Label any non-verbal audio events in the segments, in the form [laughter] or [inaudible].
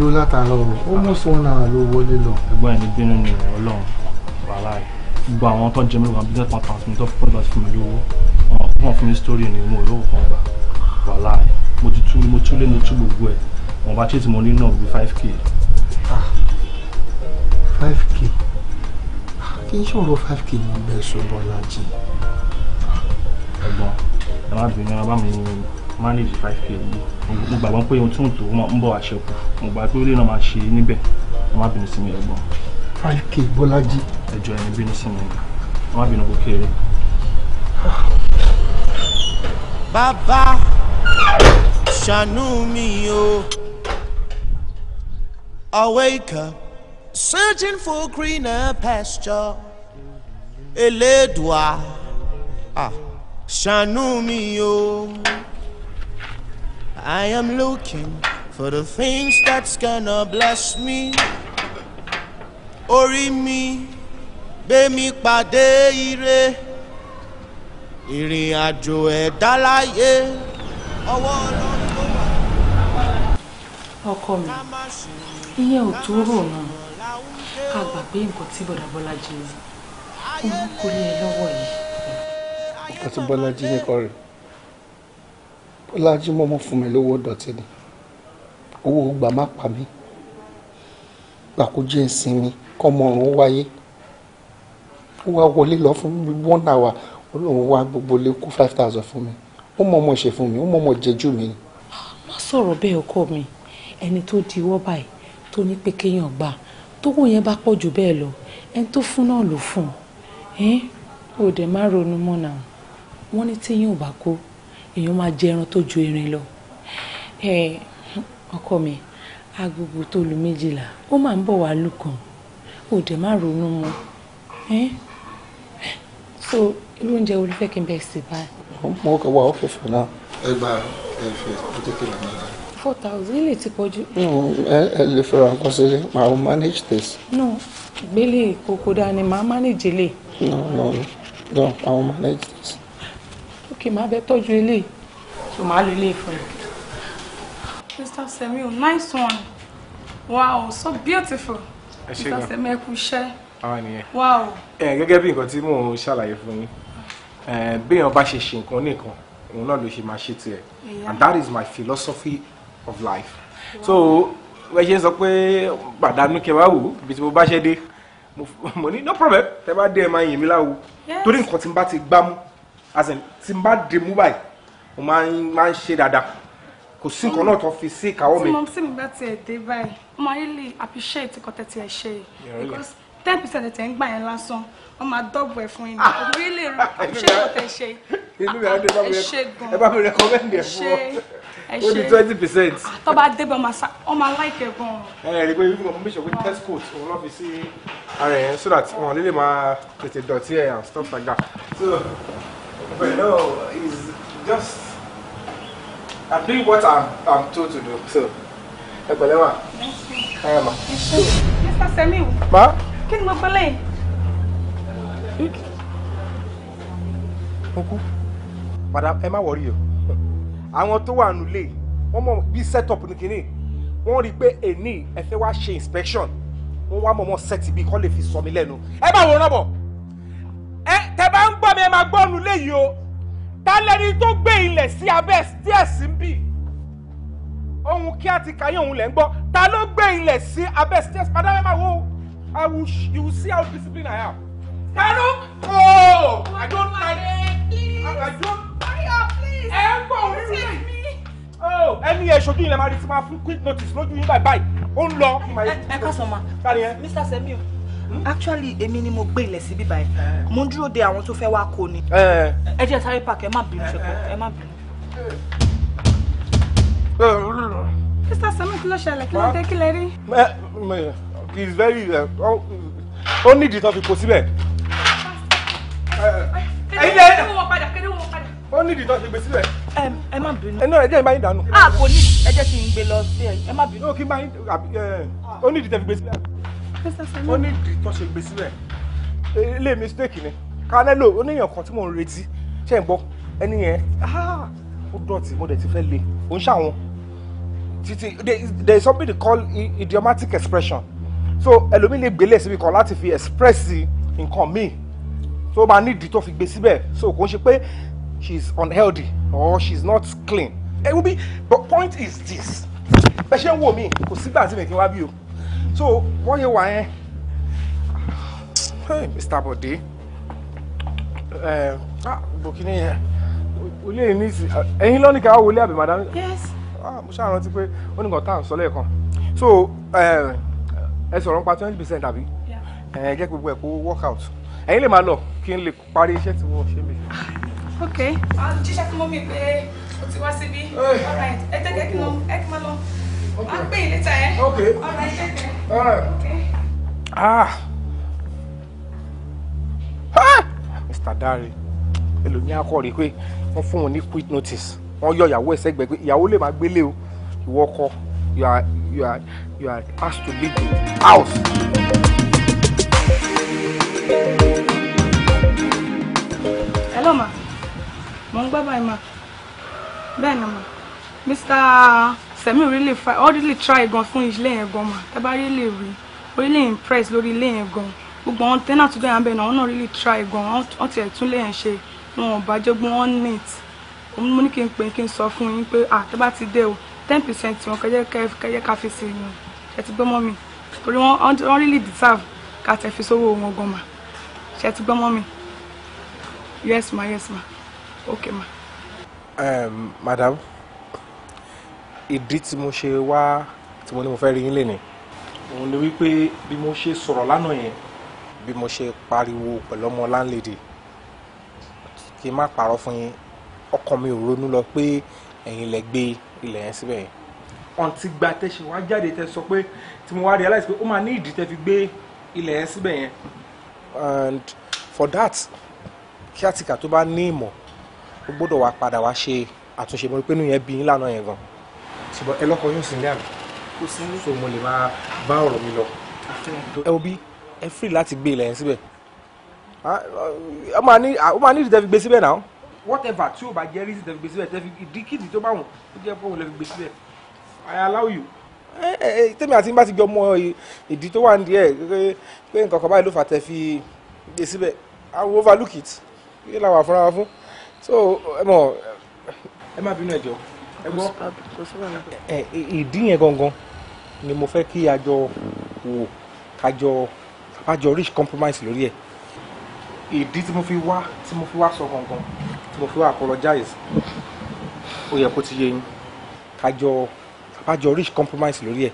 dúró látàárọ̀ ó mú sọ́wọ́n náà ló wọlé lọ. ẹ̀gbọ́n ẹ̀ ní bínú ni Ọlọ́run wàhálà yìí gbogbo àwọn tó ń jẹ mí lóko business partner mi tó fún ìgbà fún mi lówó wọn fún wọn fún mi story ni mo lówó kan gbà wàhálà yìí mo ti tú mo tú lé mo tú gbogbo ẹ̀ wọn bá chase mo ní náà bí five k. Ah. five k ah, kí n ṣòro five k mo bẹ̀ sọ Bọ́lájí. ẹ̀gbọ́n ẹ má bínú ẹ má bá mi manage five k yìí mo gbàgbọ́ pé ohun tó ń tó ń bọ̀ àṣẹkù mo gbà pé orí náà máa ṣe níbẹ̀ wọ́n má bínú sí mi ẹ̀gbọ́n. five k bọ́lájí. ẹjọ ẹni bínú sí mi wọ́n má bínú kó kéré. bàbá ṣàánú mi o awake up searching for greener pasture elédùá ah, ṣàánú mi o. I am looking for the things that's gonna bless me. Orí mi bemi mi pàdé ire. Ìrìn àjò ẹ̀dá láyé ọwọ́ ọlọ́run ló wà. Ọkọ mi, ìyẹn ò tó rò náà. Ká gbà pé nǹkan tí Bọ̀dá Bọ́lájí ní, òun kò ẹ lọ́wọ́ yìí. Nǹkan tí Bọ́lájí ní kọ́ rèé. Ọlájímọ́ mọ́ fún mi lówó dọ̀tí ni owó gbà má pa mí gbà kó jẹ́ ìsinmi kọ́mọ ọ̀run wáyé ó wá wọlé lọ fún mi one hour olóhùn wá gbogbo lè five thousand fún mi ó mọ ọmọ ṣe fún mi ó mọ ọmọ jẹjú mi. má sọ̀rọ̀ bẹ́ẹ̀ ọkọ mi ẹni tó di ọwọ́ báyìí tó ní pé kéèyàn gbà tó kù yẹn bá pọ̀ jù bẹ́ẹ̀ lọ ẹni tó fún náà ló fún un ẹ̀ ò dẹ̀ má ronú mọ́ náà wọ́n ní téèyàn ò bá kó èèyàn máa jẹ ẹran tó ju erin lọ ọkọ mi agogo tó lu méjìlá ó máa ń bọ̀ wá lùkàn ó dẹ̀ má ronú mọ́ so irú oúnjẹ wo ló fẹ́ kí n bẹ̀ sí báyìí. mo kọ wa ọfẹ fún náà. ẹ gba ẹfẹ ó tètè lọ náà. four thousand ilé ti pọ̀ jù. no ẹ ẹ lè fẹ́ ra nǹkan sílé màá manage this. no gbélé kókó dání màá manage ilé. no no no màá manage this ok máa bẹ tọ́jú eléyìí so máa lo eléyìí fún ẹ. Mr. Samuel nice one wow so beautiful Mr. Samuel kú iṣẹ́ wow. gẹ́gẹ́ bí nǹkan tí mò ń ṣàlàyé fún yín béèyàn bá ṣe ṣe nǹkan nìkan òun náà ló ṣe máa ṣe tiẹ̀ and that is my philosophy of life so wọ́n ṣe ń sọ pé pàdánù kẹwàá wò bí tí mo bá ṣe dé [laughs] mo ní no problem tẹ bá dé ẹ máa yìn mí láwo torí nǹkan tí n bá ti gbámú as in tí n bá dè mú báyìí mo máa ń máa ń ṣe dáadáa kò sí nǹkan náà tó fi sí ìkáwọ́ mi. tí mo sì mi bá tiẹ̀ dé báyìí mo máa really appreciate nǹkan tẹ̀ tiẹ̀ ṣe yìí because ten percent tẹ̀ ń gbà yẹn lásán wọ́n máa dọ́gbọ̀ ẹ̀ fún yín mo ah! really [laughs] appreciate nǹkan tẹ̀ ṣe [laughs] inú mi àdé bá mi ẹ bá mi recommend ẹ fún ọ ó di twenty percent. Ah, tó bá dé bá ọ máa like ẹ gan. ẹ ẹ rí i pé ibi kan bíṣọ̀ pé test coat òun náà fi sí ara ẹ̀ so that wọn lè lè máa tètè dọ̀tí ẹ̀ and stuff like that. So, But no, it's just I'm doing what I'm I'm told to do. So, ẹ pẹ̀lẹ́ ma. Yes, ẹ ma. Mr. Semiu. Ma. Can ni mo gbọ́ lẹ́yìn? Mo am I ẹ má wọrí o. Àwọn tó wà nílé wọ́n mọ̀ set up in the Wọ́n rí i pé èní ẹ say wá ṣe inspection. Wọ́n wá mọ̀mọ́ set to be called if sọ mi lẹ́nu. Ẹ bá wọ́n rán bọ̀ ẹ tẹ bá ń gbọ́ mi ẹ máa gbọ́ ọ̀nù léyìí o ta lẹni tó gbé ilẹ̀ sí abẹ́ stairs ń bì ohun kí á ti kàyé òun lẹ̀ ń gbọ́ ta ló gbé ilẹ̀ sí abẹ́ stairs padà mẹ́ma wo I will you will see how disciplined I am ta ló oh I don't like I don't ẹ ń gbọ́ òun rí rẹ̀ ẹni ẹ ṣojú yìí lè máa rí tí máa fún quick notice lójú yín báyìí ó ń lọ. ẹ ká ma Mr. Semi Hmm? actually èmi ni mo gbé ilẹ̀ síbí báyìí eh. mo ń dúró de àwọn tó fẹ́ wá kó ni eh. ẹ jẹ́ sáré pàkẹ́ ẹ má bínú eh, ṣẹpọ̀ ẹ má bínú. mr sami kí ló ṣẹlẹ̀ kí ló dé kí lè rí. he is very ó ní ìdí tó fi kó síbẹ̀. ẹyin lẹ ó ní ìdí tó fi gbé síbẹ̀. ẹ má bínú. ẹ náà ẹ jẹ́ ìbáyìí dànù. a ah, kò ní ẹ jẹ́ kí n gbé lọ sí ẹ ẹ má bínú. ó ní ìdí tó fi gbé síbẹ̀ ó ní ìdí tó ṣe gbé síbẹ̀ e, ilé mistake ni Canelo oníyàn kan tí mò ń retí ṣe ń gbọ́ ẹni yẹn ó dọ̀tí mo dẹ̀ ti fẹ́ le ó ń ṣàwọn Titi, there is something they call idiomatic expression so ẹlòmíì lè gbélé síbi kan láti fi express nǹkan míì so máa ní ìdí tó fi gbé síbẹ̀ so kò ń ṣe pé she is unhealthy or she is not clean it will be but point is this bẹ́ẹ̀ ṣe ń wò mí kò sígbà tí mi kí n wá bí o so wọ́n yẹ wà hey Mr. Bode ẹ eh, ah bòkínì yẹn eh, o lè eh, ní ìsìn ẹ̀yin lọ́nìkà á wọlé madam. yes. ah mo ṣáà rántí pé ó ní nǹkan tá à ń so ẹ it's around twenty percent àbí ẹ jẹ́ gbogbo ẹ̀ kó work out ẹ̀yin lè máa lọ kí n lè parí iṣẹ́ tí wọ́n ṣe mí. ok. Ah, jíṣẹ́ fún mọ́mí pé o ti wá síbí. all right ẹ jẹ́ kí n máa lọ. Okay. I'll pay later. Eh? Okay. All right. All right. Okay. Ah. Ah. Mr. Dari, hello. akọ call you. wọ́n fún wọn ní quick notice. Wọ́n your your ẹ̀sẹ̀gbẹ́ pé your lè máa gbélé o. Ìwọ ọkọ, you are you are you are asked to leave the house. Hello ma, mo bye, bye, báyìí ma. Bẹ́ẹ̀ ni ma, Mr. Sẹ̀mí ò really fa ọ́ really try gan fún ilé yẹn gan mà tábà really rí ó really impress lórí ilé yẹn gan gbogbo àwọn tẹ́nà tó dáyà ń bẹ̀ náà wọ́n náà really try gan wọ́n tiẹ̀ tún lé yẹn ṣe wọn ò bá jogún wọn neat mo ní kí n pè kí n sọ fún yín pé ah tábà ti dé o ten percent wọn kẹjẹ kẹjẹ ká fi sí yín ṣe ti gbọ́ mọ́ mi torí wọ́n really deserve ká tẹ̀ fi sówó wọn gan mà ṣe ti gbọ́ mọ́ mi yes ma yes ma okay ma. Um, madam ìdí tí mo ṣe wá tí mo ní mo fẹ́ rí yín lè ní. òun ni wípé bí mo ṣe sọ̀rọ̀ lánàá yẹn bí mo ṣe pariwo pẹ̀lú ọmọ láńlèdè kí n má parọ́ fún yín ọkàn mi ò ronú lọ pé ẹ̀yin lẹ gbé ilẹ̀ yẹn síbẹ̀ yẹn ọ̀ǹtí gba tẹ̀sí wá jáde tẹ sọ pé tí mo wá realize pé ó máa ní ìdí tẹ fi gbé ilẹ̀ yẹn síbẹ̀ yẹn. and for that kí àtìkà tó bá ní ìmọ̀ ó gbọ́dọ̀ wá padà wá ṣe àtúnṣe mo rí pé inú yẹn bí yín lánàá yẹn gan-an ṣùgbọ́n ẹ lọ́kọ yóò sì ní àná so mo lè máa bá ọ̀rọ̀ mi lọ. ẹ obi ẹ free láti gbé ilẹ̀ yẹn síbẹ̀ ah, ah, ah, ó máa ní ìdí tẹ́ fi gbé síbẹ̀ náà. whatever tí o bá jẹ́ rí ìdí tẹ́ fi gbé síbẹ̀ tẹ́ fi ìdí tó bá wùn ó jẹ́ fóun lẹ́ fi gbé síbẹ̀ I allow you tẹ́mi àti bá ti jọ mọ ìdí tó wà nídìí ẹ̀ pé nǹkan kan báyìí ló fà tẹ́ fi gbé síbẹ̀ I will overlook it kí làwọn àfúnra wa fún so ẹ mọ̀ ẹ má bínú ẹ jọ̀ọ́ ẹ̀gbọ́n ìdí yẹn gangan ni mo fẹ́ kí àjọ wò kájọ àjọ reach compromise lórí ẹ̀ ìdí tí mo fi wá tí mo fi wá sọ gangan tí mo fi wá apologize ó yẹ kó ti yé yín kájọ àjọ reach compromise lórí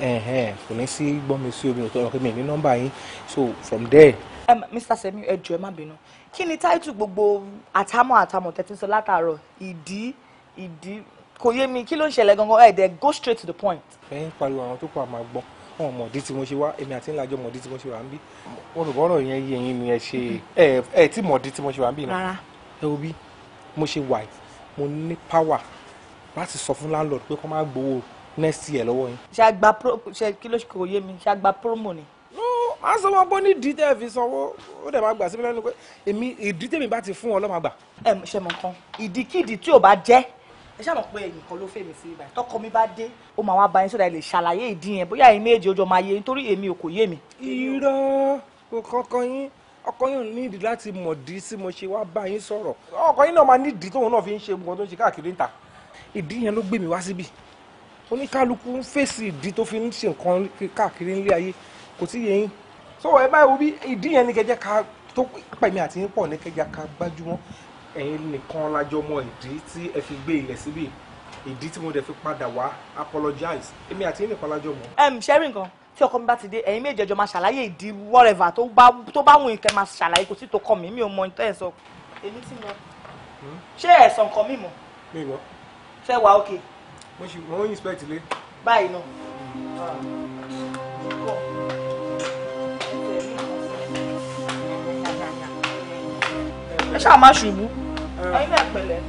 ẹ̀ kò ní sí gbọ́mi sí omi òtọ́ ọ̀kẹ́ mi ní nọ́mbà yín so from there. Um, Mr. Semi ẹ jọ̀ọ́ ẹ má bínú kí ni táìtù gbogbo àtàmọ̀ àtàmọ̀ tẹ́tí sọ látàárọ̀ ìdí ìdí kò yé mi kí ló ń ṣẹlẹ̀ gangan ẹ̀ dẹ̀ go straight to the point. ẹ̀yin pariwo àwọn tó kọ àmà gbọ́ wọn mọ̀ dí tí mo ṣe wá èmi àti ńlájọ mọ̀ dí tí mo ṣe wà ń bí wọn rò yẹn yé yín ni ẹ ṣe ẹ ẹ tí mọ̀ dí tí mo ṣe wà ń bí náà ẹ wo bí mo ṣe wà yìí mo ní power láti sọ fún landlord pé kó má gbowó next year lọ́wọ́ yín. ṣe àgbà pro ṣe kí ló ṣe kò yé mi ṣe àgbà promo ni a sọ wọn bọ ní ìdí tẹ fi sanwó ó dẹ̀ máa gbà sí mi lẹ́nu pé èmi ìdí tèmi bá ti fún ọ lọ́màgbà. ẹ ṣe mọ nǹkan ìdíkídìí tí ò bá jẹ́ ẹ ṣáà mọ̀ pé ẹ̀yìn kan ló fẹ́ mi sí ibà tọkọ mi bá dé ó máa wá bá yín sọ́dọ̀ ẹ lè ṣàlàyé ìdí yẹn bóyá ẹ̀yin méje ọjọ́ máa yé nítorí èmi ò kò yé mi. irọ́ kankan yín ọkọ yín nídìí láti mọ̀ dí sí mo ṣe wá bá yín sọ̀rọ̀ ọkọ yín náà máa nídìí tóun náà fi ń ṣe nǹkan tó ń ṣe káàkiri níta ìdí yẹn ló gbé mi wá síbi oníkálukú ń fèsì ìdí tó fi ń ṣe nǹkan káàkiri nílé ayé kò tí yẹ yín so ẹ báyìí wo bí ìdí yẹn ni kẹjẹ ká tó pẹ̀mí àti yín pọ̀ ní kẹjẹ ká gbájúmọ́ ẹ̀yin nìkan lájọ mọ ìdí tí ẹ fi gbé ilẹ̀ síbí ìdí tí mo dẹ̀ fi padà wá apologize èmi àti yín nìkan lájọ mọ. ẹm ṣẹ́rí nǹkan tí ọkọ mi bá ti dé ẹ̀yin méje jọ máa ṣàlàyé ìdí wọ́rẹ̀và tó bá tó bá máa ṣàlàyé kò sí tó kọ́ mi mi ò mọ ìtọ́ ẹ̀ sọ. èmi ti mọ hmm? ṣé ẹ̀sán kan mi mọ̀. mi mọ. fẹ́ wá òkè. mo ṣì mo ń inspect ilé. báyìí náà. ẹ ṣáà má ṣubú ẹ̀yin náà pẹ̀lẹ́.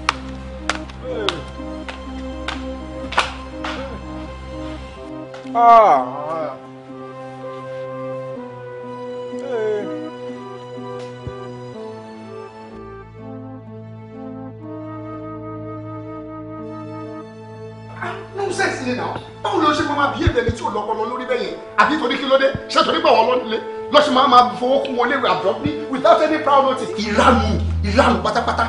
nonsense ni náà báwo ló ṣe máa bí èdè ni tí ò lọ́pọlọ lórí bẹ́ẹ̀ yẹn àbí torí kí ló dé ṣé torí pé àwọn ọlọ́run lé lọ́sùn máa máa fowó kún wọlé rẹ̀ abruptly without any prior notice. ìranù ìranù pátápátá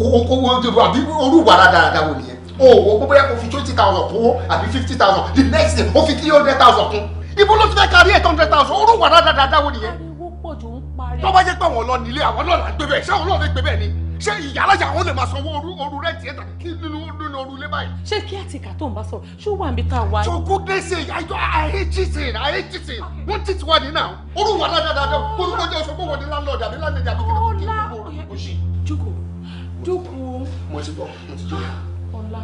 àbí orúwà dáadáa wò nìyẹn o ò gbogbo yẹ kó fi twenty thousand kún àbí fifty thousand the next day ó fi three hundred thousand kún ibo ló ti fẹ́ kárí eight hundred thousand orúwà dáadáa wò nìyẹn. ariwo pọ̀ jù ń parẹ́. tó bá jẹ́ pé àwọn ọlọ́ọ̀ni ilé àwọn ọlọ́ọ̀la ń gbé bẹ́ẹ̀ ṣé àwọn ọlọ́ọ̀ni gbé bẹ́ẹ̀ ni ṣé ìyálàjà àwọn lè máa sanwó ooru ooru rẹ tiẹ̀ tàbí kí nínú nínú ooru lé báyìí. ṣé kí àtìkà tó ń bá sọ̀rọ̀ ṣó wà níbi tá a wá. jòkó gbèsè àìjọ àìyé cheating àìyé cheating wọ́n ti ti wá nínú àwọn. orúwà dáadáa orúkọ jẹ́ oṣù kó wọ́n ní láńlọ́ọ̀dù àbí láńlẹ́dì àbí kí ni wọ́n kí ni wọ́n mo ti bọ̀ mo ti jẹ́. Ah, ọlá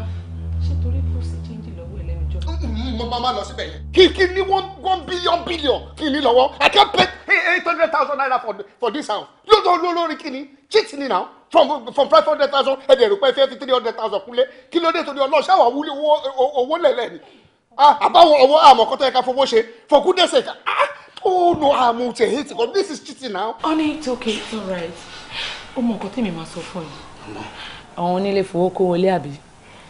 lọ́wọ́ ẹlẹ́mìjọ́. mo mm, máa mm, mm, ma lọ síbẹ̀ yẹn. kí kí ní one one billion billion kí ní lọ́wọ́ I can pay eight hundred thousand naira for for this house lọ́dọ̀ lórí kí ni cheat ni now from from five hundred thousand ẹ̀dẹ̀ rẹ̀ pé fẹ́ẹ́ fi three hundred thousand kúnlẹ̀ kí ló dé torí ọlọ́ọ̀ṣẹ́ àwọn wúlé owó lẹ̀lẹ̀ ni ah, àbáwọ̀ ọwọ́ àmọ̀kọ́tọ̀ ẹ̀ka fowó ṣe fòkú dẹ́sẹ̀ ká oh no i'm out here hating but this is cheating now. honey it's okay it's alright o mọ nǹkan tèmi máa sọ fún yìí àwọn onílé fowó kó wọlé àbí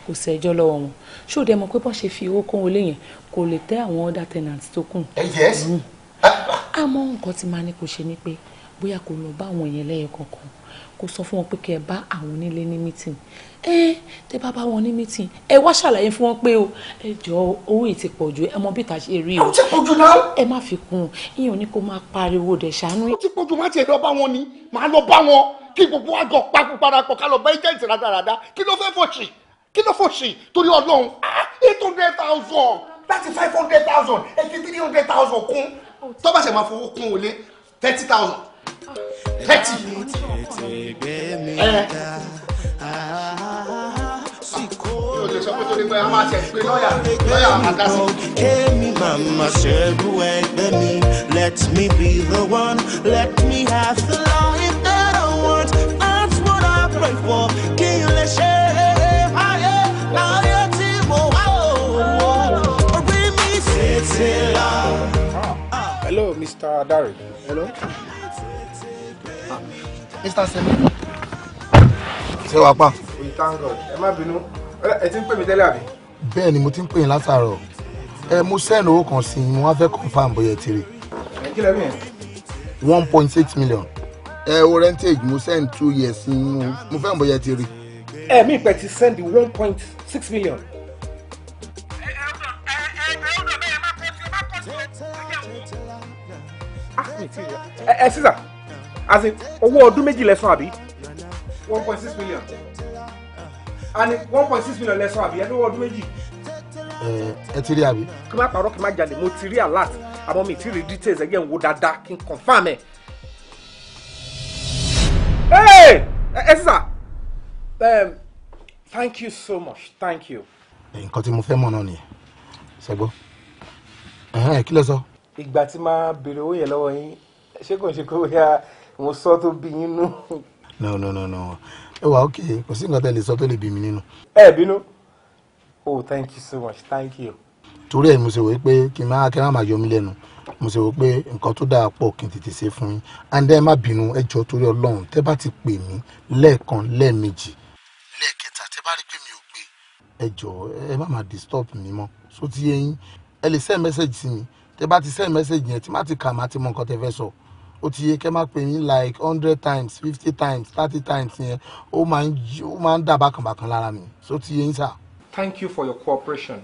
kò sí ẹjọ́ lọ́wọ́ wọn ṣó dẹ mọ̀ pé bọ́n ṣe fi owó kó wọlé yẹn kò lè tẹ́ àwọn other tenants tó kù. àmọ́ eh, hmm. ah, nǹkan tí màá ní kò ṣe ni pé bóyá kò lọ bá àwọn èèyàn lẹ́yìn kankan kò sọ fún wọn pé kí ẹ bá àwọn onílé ní meeting ẹ tẹ bá bá wọn ní meeting ẹ wá ṣàlàyé fún wọn pé o ẹ jọ owó ìtì pọ̀ jù ẹ mọ bí ìta ṣe rí o ẹ má fi kún un ìyẹn ò máa pariwo dẹ̀ ṣàánú. ó ti pọ̀ jù má tiẹ̀ lọ bá wọn ni màá lọ bá wọn kí gbogbo wa jọ ká lọ bá agent rádaràda kí ló fẹ́ fọ̀ṣì kí ló fọ̀ṣì torí ọlọ́run ah, eight hundred thousand láti five hundred thousand eighty three hundred thousand kún tó bá ṣe máa fowó kún olé thirty thousand thirty. Eh. Èmi màmá ṣerú ẹgbẹ́ mi, let me be the one, let me have the life hello mr adare. hello. Ah, mr semi. ṣé wàá pa. we thank god ẹ má bínú ẹ ti ń pè mí tẹ́lẹ̀ àbí. bẹ́ẹ̀ ni mo ti ń pè yín látàárọ̀ ẹ mo sẹ́ẹ̀nì owó kan sí i mo wá fẹ́ confam bóyá ẹ ti one point eight million ẹ o rentage mo send two years inú mo fẹ́ bóyá ti rí. ẹ mi ìpè ti send one point six million. ẹ sísà as in owó ọdún méjì lẹ́sàn àbí. one point six million and one point six million lẹ́sàn àbí ẹ lówó ọdún méjì ẹ ti rí àbí. kí n má parọ́ kí n má jalè mo ti rí alert àmọ́ mi ti rí details ẹ̀jẹ̀ ń wo dáadáa kí n confam ẹ̀ Hey! Ẹ eh, eh, Um, Thank you so much. Thank you. Nǹkan tí mo fẹ́ mọ̀ náà nìyẹn. Ṣẹ́gbọ́. Ẹ̀hán kí ló sọ? Ìgbà tí máa béèrè owó yẹn lọ́wọ́ yín, ṣé kò ń ṣe kó yá mo sọ tó bí yín nú. No no no no. Ẹ wà ókè kò sí nǹkan tẹ́ lè sọ tó lè bí mi nínú. Ẹ bínú. Oh thank you so much. Thank you. Torí ẹ̀ mo ṣe wò pé kí n máa kẹ́ràn máa yọ mí lẹ́nu mo sì pé nǹkan tó dáa pọ̀ kí n tètè ṣe fún yín and ẹ má bínú ẹ torí ọlọ́run tẹ́ bá ti pè mí lẹ́ẹ̀kan lẹ́ẹ̀mejì lẹ́ẹ̀kẹta tẹ́ bá rí pé mi ò pè ẹ ẹ má má disturb mi mọ́ so ti yé yín ẹ lè send message sí mi tẹ́ bá ti send message yẹn tí má ti kà má ti mọ nǹkan tẹ́ fẹ́ sọ ó ti yé kẹ́ má pè mí like hundred times fifty times thirty times yẹn ó máa ń dà bákànbákan lára mi so ti yé sà. Thank you for your cooperation.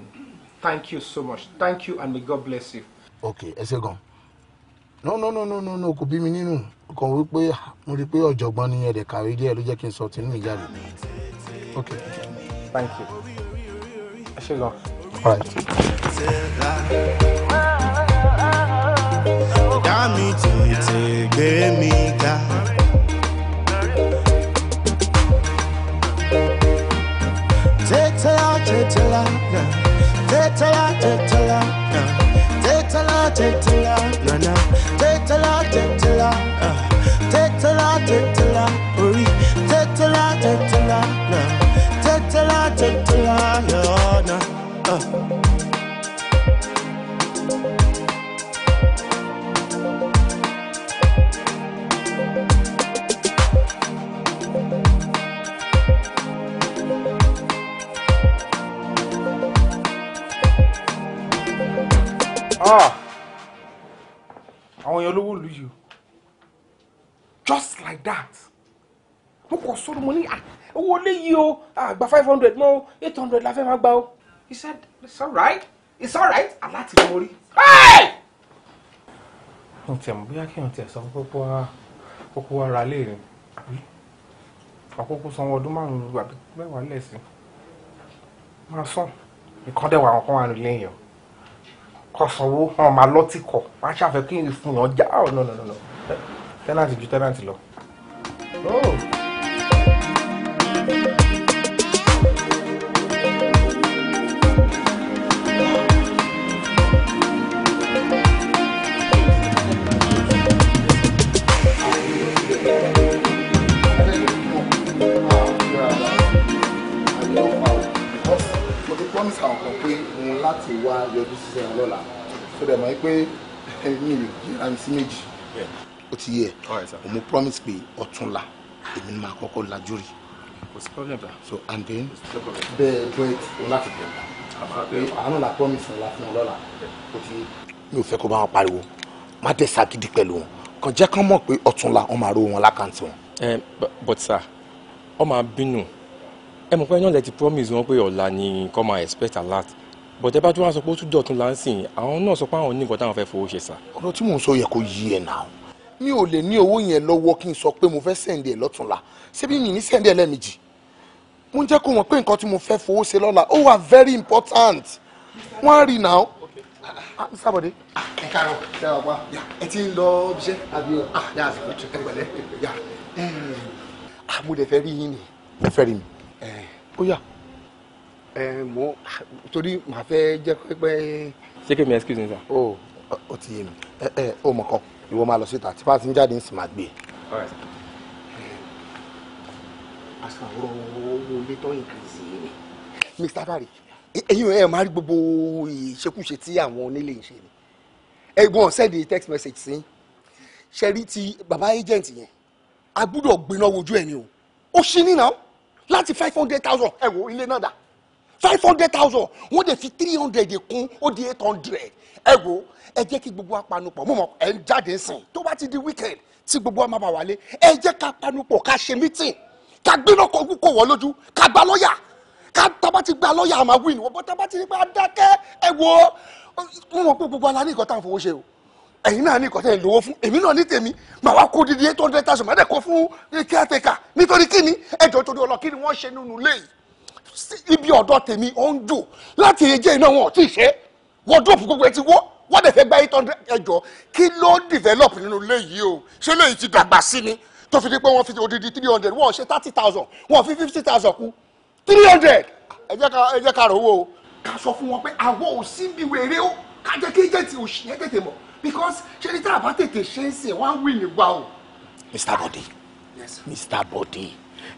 Thank you so much. Thank you and may God bless you ok ẹ ṣe gan no no no no no no kò bí mi nínú kàn wí pé mo rí i pé ọ̀jọ̀gbọ́n ni ẹ̀dẹ̀ kàwé díẹ̀ ló jẹ́ kí n sọ tìǹbù mi jáde ok thank you ẹ ṣe gan. All right. dá mi tètè gbé mi ga. tètè á tètè lá tètè á tètè lá. Take the na na. the law, no, no. Take the law, take the law, uh. Take the law, Ah. àwọn èèyàn olówó lu yìí o just like that mo kàn sọ́dọ̀ mo ní ah, owó lé yìí o àgbà ah, five hundred mọ́ eight hundred la fẹ́ máa gba o he said it's alright it's alright aláàtì ni mo rí. mo tiẹ̀ mọ̀ bóyá kí n tiẹ̀ sọ púpọ̀ kókó wa ra lé rẹ̀ àbí àkókò sanwó ọdún márùn-ún àbí mẹ́wàá lẹ̀ sí máa sàn ìkọ́dẹ̀wà àwọn kan wà nílé yẹn o kọ́ sanwó wọn máa lọ́tì kọ̀ wọ́n ṣàfẹ́ kí n fún yàn já ọ̀ nọ̀ nọ̀ nọ̀ tẹ́nàtì ju tẹ́nàtì lọ. Oh. dẹ̀ mọ̀ pé mi lè jẹ́ra mi sí méjì ó ti yẹ òun promise pé ọ̀túnla èmi ni màá kọ́kọ́ lajú rí kò sí problem ta. so and then bẹ́ẹ̀ bẹ́ẹ̀ o láti bẹ̀rẹ̀ àánú la promise ńlá fún ọ lọ́la o ti. mi ò fẹ́ kó bá wọn pariwo má dẹ̀ ságídí pẹ̀lú wọn kàn jẹ́ kán mọ̀ pé ọ̀túnla wọn máa ro wọn lákàntì wọn. ẹ eh, but sir ọ máa bínú ẹ mọ̀ pé náà lẹ ti promise wọn pé ọ̀la ni kọ́ máa expect alert bọ̀dẹ́ bá tún wá sọ pé ó tún dọ̀tún láǹsìn àwọn náà sọ pé àwọn ní nǹkan táwọn fẹ́ fowó ṣe sà. ọ̀rọ̀ tí mò ń sọ yẹ kó yí ẹ̀ náà mi ò lè ní owó yẹn lọ́wọ́ kí n sọ pé mo fẹ́ sẹ̀ǹdì ẹ̀ lọ́túnla ṣebí mi ní sẹ̀ǹdì ẹ̀ lẹ́ẹ̀mejì mo ń jẹ́ kó mọ̀ pé nǹkan tí mo fẹ́ fowó ṣe lọ́la ó wà very important wọ́n á rí náà. sábọ̀dé. Ah, ah, ẹ káàárọ̀ ṣe wà pa ẹ ti ń lọ ibiṣẹ́ àbí ọ ah, yà àsìkò ẹ pẹ̀lẹ́ yà. mo dẹ̀ fẹ́ rí yín ẹ mọ torí màá fẹ́ jẹ́ pẹ́pẹ́. ṣé kí mi excuse me sir. o o ti yé mi ẹ ẹ o mọ̀ kọ́ ìwọ máa lọ síta tí bá ti ń jáde ń sì máa gbé. E. àṣàrò owó ilé tó yìn kìí sí ni. Mr. Bari ẹ̀yin ẹ̀ máa rí gbogbo ìṣekúṣe tí àwọn onílé ń ṣe ni ẹ̀gbọ́n sẹ́ndì text message sí ṣẹ́rí ti baba agent yẹn a gbúdọ̀ gbiná wojú ẹ̀ ni o ó ṣí nínà láti five hundred thousand ẹ̀wò ilé náà dà five hundred thousand wọ́n dẹ̀ fi three hundred kún ó di eight hundred ẹ wo ẹ jẹ́ kí gbogbo apanupọ̀ mọ̀mọ́ ẹ̀ ń jáde sìn tó bá ti di weekend tí gbogbo ọmọ bá wálé ẹ jẹ́ ká panupọ̀ ká ṣe meeting ká gbéná kọ́kú kò wọ́ lójú ká gba lọ́ọ̀yà ká tábà ti gba lọ́ọ̀yà àmà win wọ́n bọ́ tábà ti gba dákẹ́ ẹ wo wọ́n mọ̀ pé gbogbo ala ní nǹkan tá à ń fowó ṣe o ẹ̀yin náà ní nǹkan tẹ̀ ń lówó fún èmi náà ní tèmi màá wá kó didi eight hundred thousand màá dẹ̀ kó fún caretaker nítorí kíni ẹ̀jọ̀ torí ọlọ́ kíni wọ́n ṣe nínú léyìí ibi ọ̀dọ̀ tèmi ó dùn láti ẹjẹ́ iná wọn ò tí ì ṣe wọ́dọ̀pù gbogbo ẹ ti wọ́ wọ́n dẹ̀ gba eight hundred ẹjọ́ kí ló develop nínú ilé yìí o ṣé lè ti dàgbà sí ni tó fi di pé wọ́n fi odidi three hundred wọ́n ṣe thirty thousand wọ́n fi fifty thousand kú three hundred ẹ jẹ́ ká rò owó o. ká sọ fún wọn pé àwọn ò sí bí wèrè o ká jẹ́ kí ẹjẹ̀tì òṣì yẹn tètè mọ̀ because ṣé ní tá a bá tètè ṣe ń sìn wọ́n á wí nígbà o. Mr. Bode Mr. Bode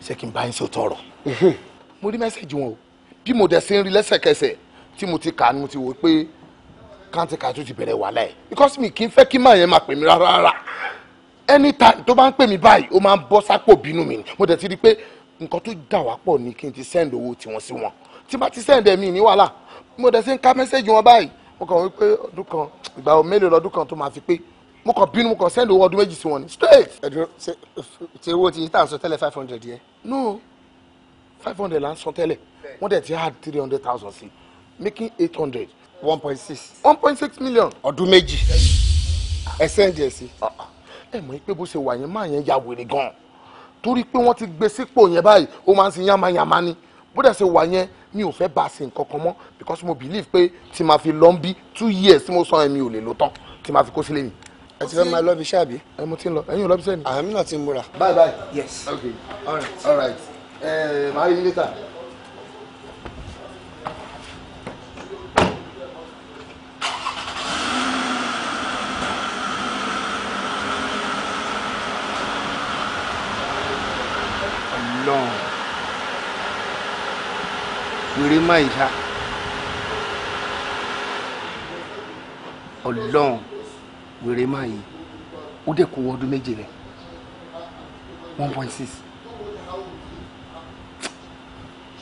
ṣé kí n bá yín sọ tọrọ mo rí mẹ́sẹ̀gì wọn o bí mo dẹ̀ sí ń rí lẹ́sẹ̀kẹsẹ̀ tí mo ti kà ni mo ti wò pé kántíkà tó ti bẹ̀rẹ̀ wàhálà ẹ̀ because mi kì í fẹ́ kí màá yẹn máa pè mí rárá rárá anytime tó bá ń pè mí báyìí ó máa ń bọ́ sápò bínú mi mo dẹ̀ ti rí i pé nǹkan tó dà wá pọ̀ ni kí n ti send owó tiwọn sí wọn tí bá ti send ẹ̀mí ní wàhálà mo dẹ̀ sí ń ka mẹ́sẹ̀gì wọn báyìí mo kàn wí pé ọdún kan ìgbà mélòó lọ́dún kan tó máa fi pé mo kàn bínú mo kàn send owó ọdún méjì sí wọn ni straight. ẹ̀dùn ṣe owó ti yí sọ tẹ́lẹ̀ five hundred yẹn. no five hundred la ń san tẹ́lẹ̀ wọ́n dẹ̀ ti add three hundred thousand sí making eight hundred. one point six. one point six million. ọdún méjì ẹsẹ̀ ń jẹ sí. Ah, ẹ mọ̀ pé bó ṣe wà yẹn máa yẹn ya wèrè gan-an torí pé wọ́n ti gbé sípò yẹn báyìí ó máa ń sin yamayama ni bó dẹ̀ ṣe wà yẹn mi ò fẹ́ bá a ṣe nǹkan mọ́ because mo believe pé tí ma fi lọ bí two years tí mo sọ ẹ̀ mi ò lè lò tán tí ma fi kó sílé mi. ẹ ti fẹ́ máa lọ bí iṣẹ́ àbí. ẹ mo ti lọ ẹ̀yin ò lọ bí iṣẹ́ ni. àmì náà ti múra. bye bye. yes. okay all right. all right ẹ màá rí yín later. Ọlọ́run wèrè má ìṣá Ọlọ́run wèrè má yìí ó dẹ̀ kó wọ́ọ́dún méje rẹ̀ one point six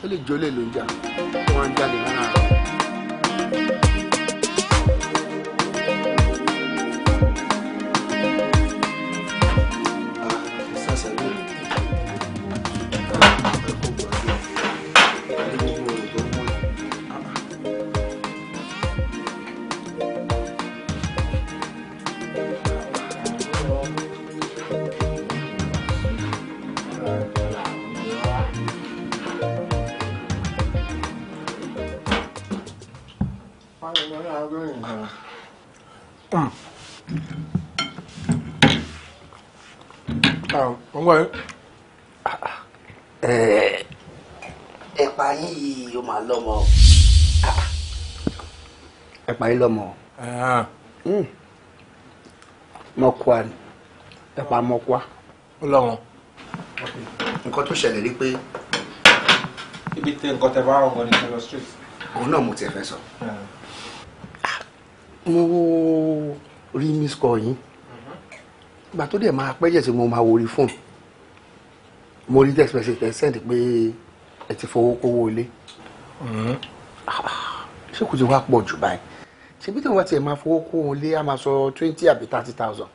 ó lè jọlẹ̀ ló ń jà wọ́n á jáde lára rẹ̀. pa yín lọ́mọ. mọ̀kúà ni ẹ pa mọ̀kúà. ó lọ́wọ́. nǹkan tó ṣẹlẹ̀ rí pé. ibi tẹ nǹkan tẹ bá ọkọ ní kẹlọ street. òun náà mo tiẹ̀ fẹ́ sọ. mo rí miss call yín ìgbà tó dẹ̀ máa pẹ́ jẹ̀ tí mo máa wo orí fóònù mo rí text message tẹ̀ send pé ẹ ti fowó kówó ilé mm-hmm. ṣé kò ti wá pọ̀ jù báyìí ṣebí tí wọ́n tiẹ̀ máa fowó kún un lé a máa sọ twenty àbí thirty thousand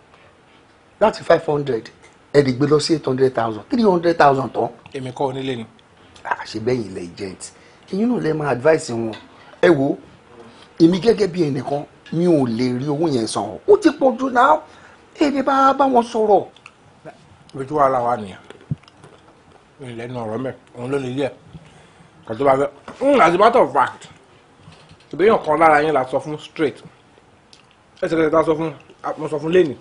láti five hundred ẹ̀ẹ́dì gbé lọ sí eight hundred thousand three hundred thousand tán. èmi kọ́ onílé ni. àṣebẹ́yìn ilẹ̀ agent ẹ̀yin náà lè máa advice wọn ẹ wo èmi gẹ́gẹ́ bí ẹnìkan mi ò lè rí owó yẹn san ó ti pọ̀ jù náà èdè bá bá wọn sọ̀rọ̀. lójú ara wa nìyẹn ìlẹ́nu ọ̀rọ̀ mẹ́ òun ló nílé ẹ̀ kàtó bá fẹ́ hmm, as a matter of fact ṣùgbọ́n èèyàn kan lára yín la sọ fún straight ẹsẹ̀kẹsẹ̀ tá a sọ fún mo sọ fún lẹ́nì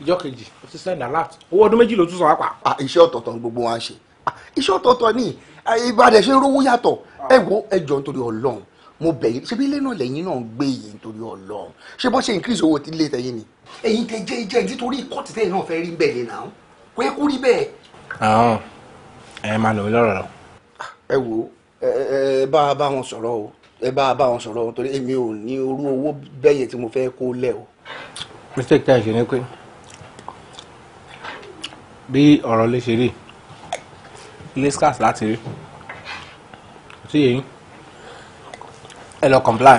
ìjọ kejì ó ti send alert owó ọdún méjì ló tún sọ wá pa. Ah, iṣẹ́ ọ̀tọ̀ọ̀tọ̀ ni gbogbo wa ń ṣe ah, iṣẹ́ ọ̀tọ̀ọ̀tọ̀ ni ah, ìbàdàn ṣe ń rówó yàtọ̀ ẹ wo ẹjọ́ nítorí ọlọ́run mo bẹ̀ yín ṣebí ilé náà lẹ́yìn náà ń gbé yìí nítorí ọlọ́run ṣé bọ́ ṣe increase owó ilé tẹ̀yìn ni. ẹ̀yin tẹ jẹ́ ìjẹ́ nítorí kọ́ọ̀tì tẹ̀yìn náà fẹ́ rí bẹ́ẹ̀ ni náà kò yẹ kó rí bẹ́ẹ̀. àwọn ẹ máa lọ lọ́rọ̀ lọ. ẹ wo ẹ bá bá wọn sọ̀rọ̀ o ẹ bá bá wọn sọ̀rọ̀ torí èmi ò ní orú owó bẹ́yẹn tí mo fẹ́ kó lẹ̀ o. mistake tá a ṣe ni pé bí ọ̀rọ̀ lè ṣe rí ilé scarce láti rí sí èyí ẹ lọ comply.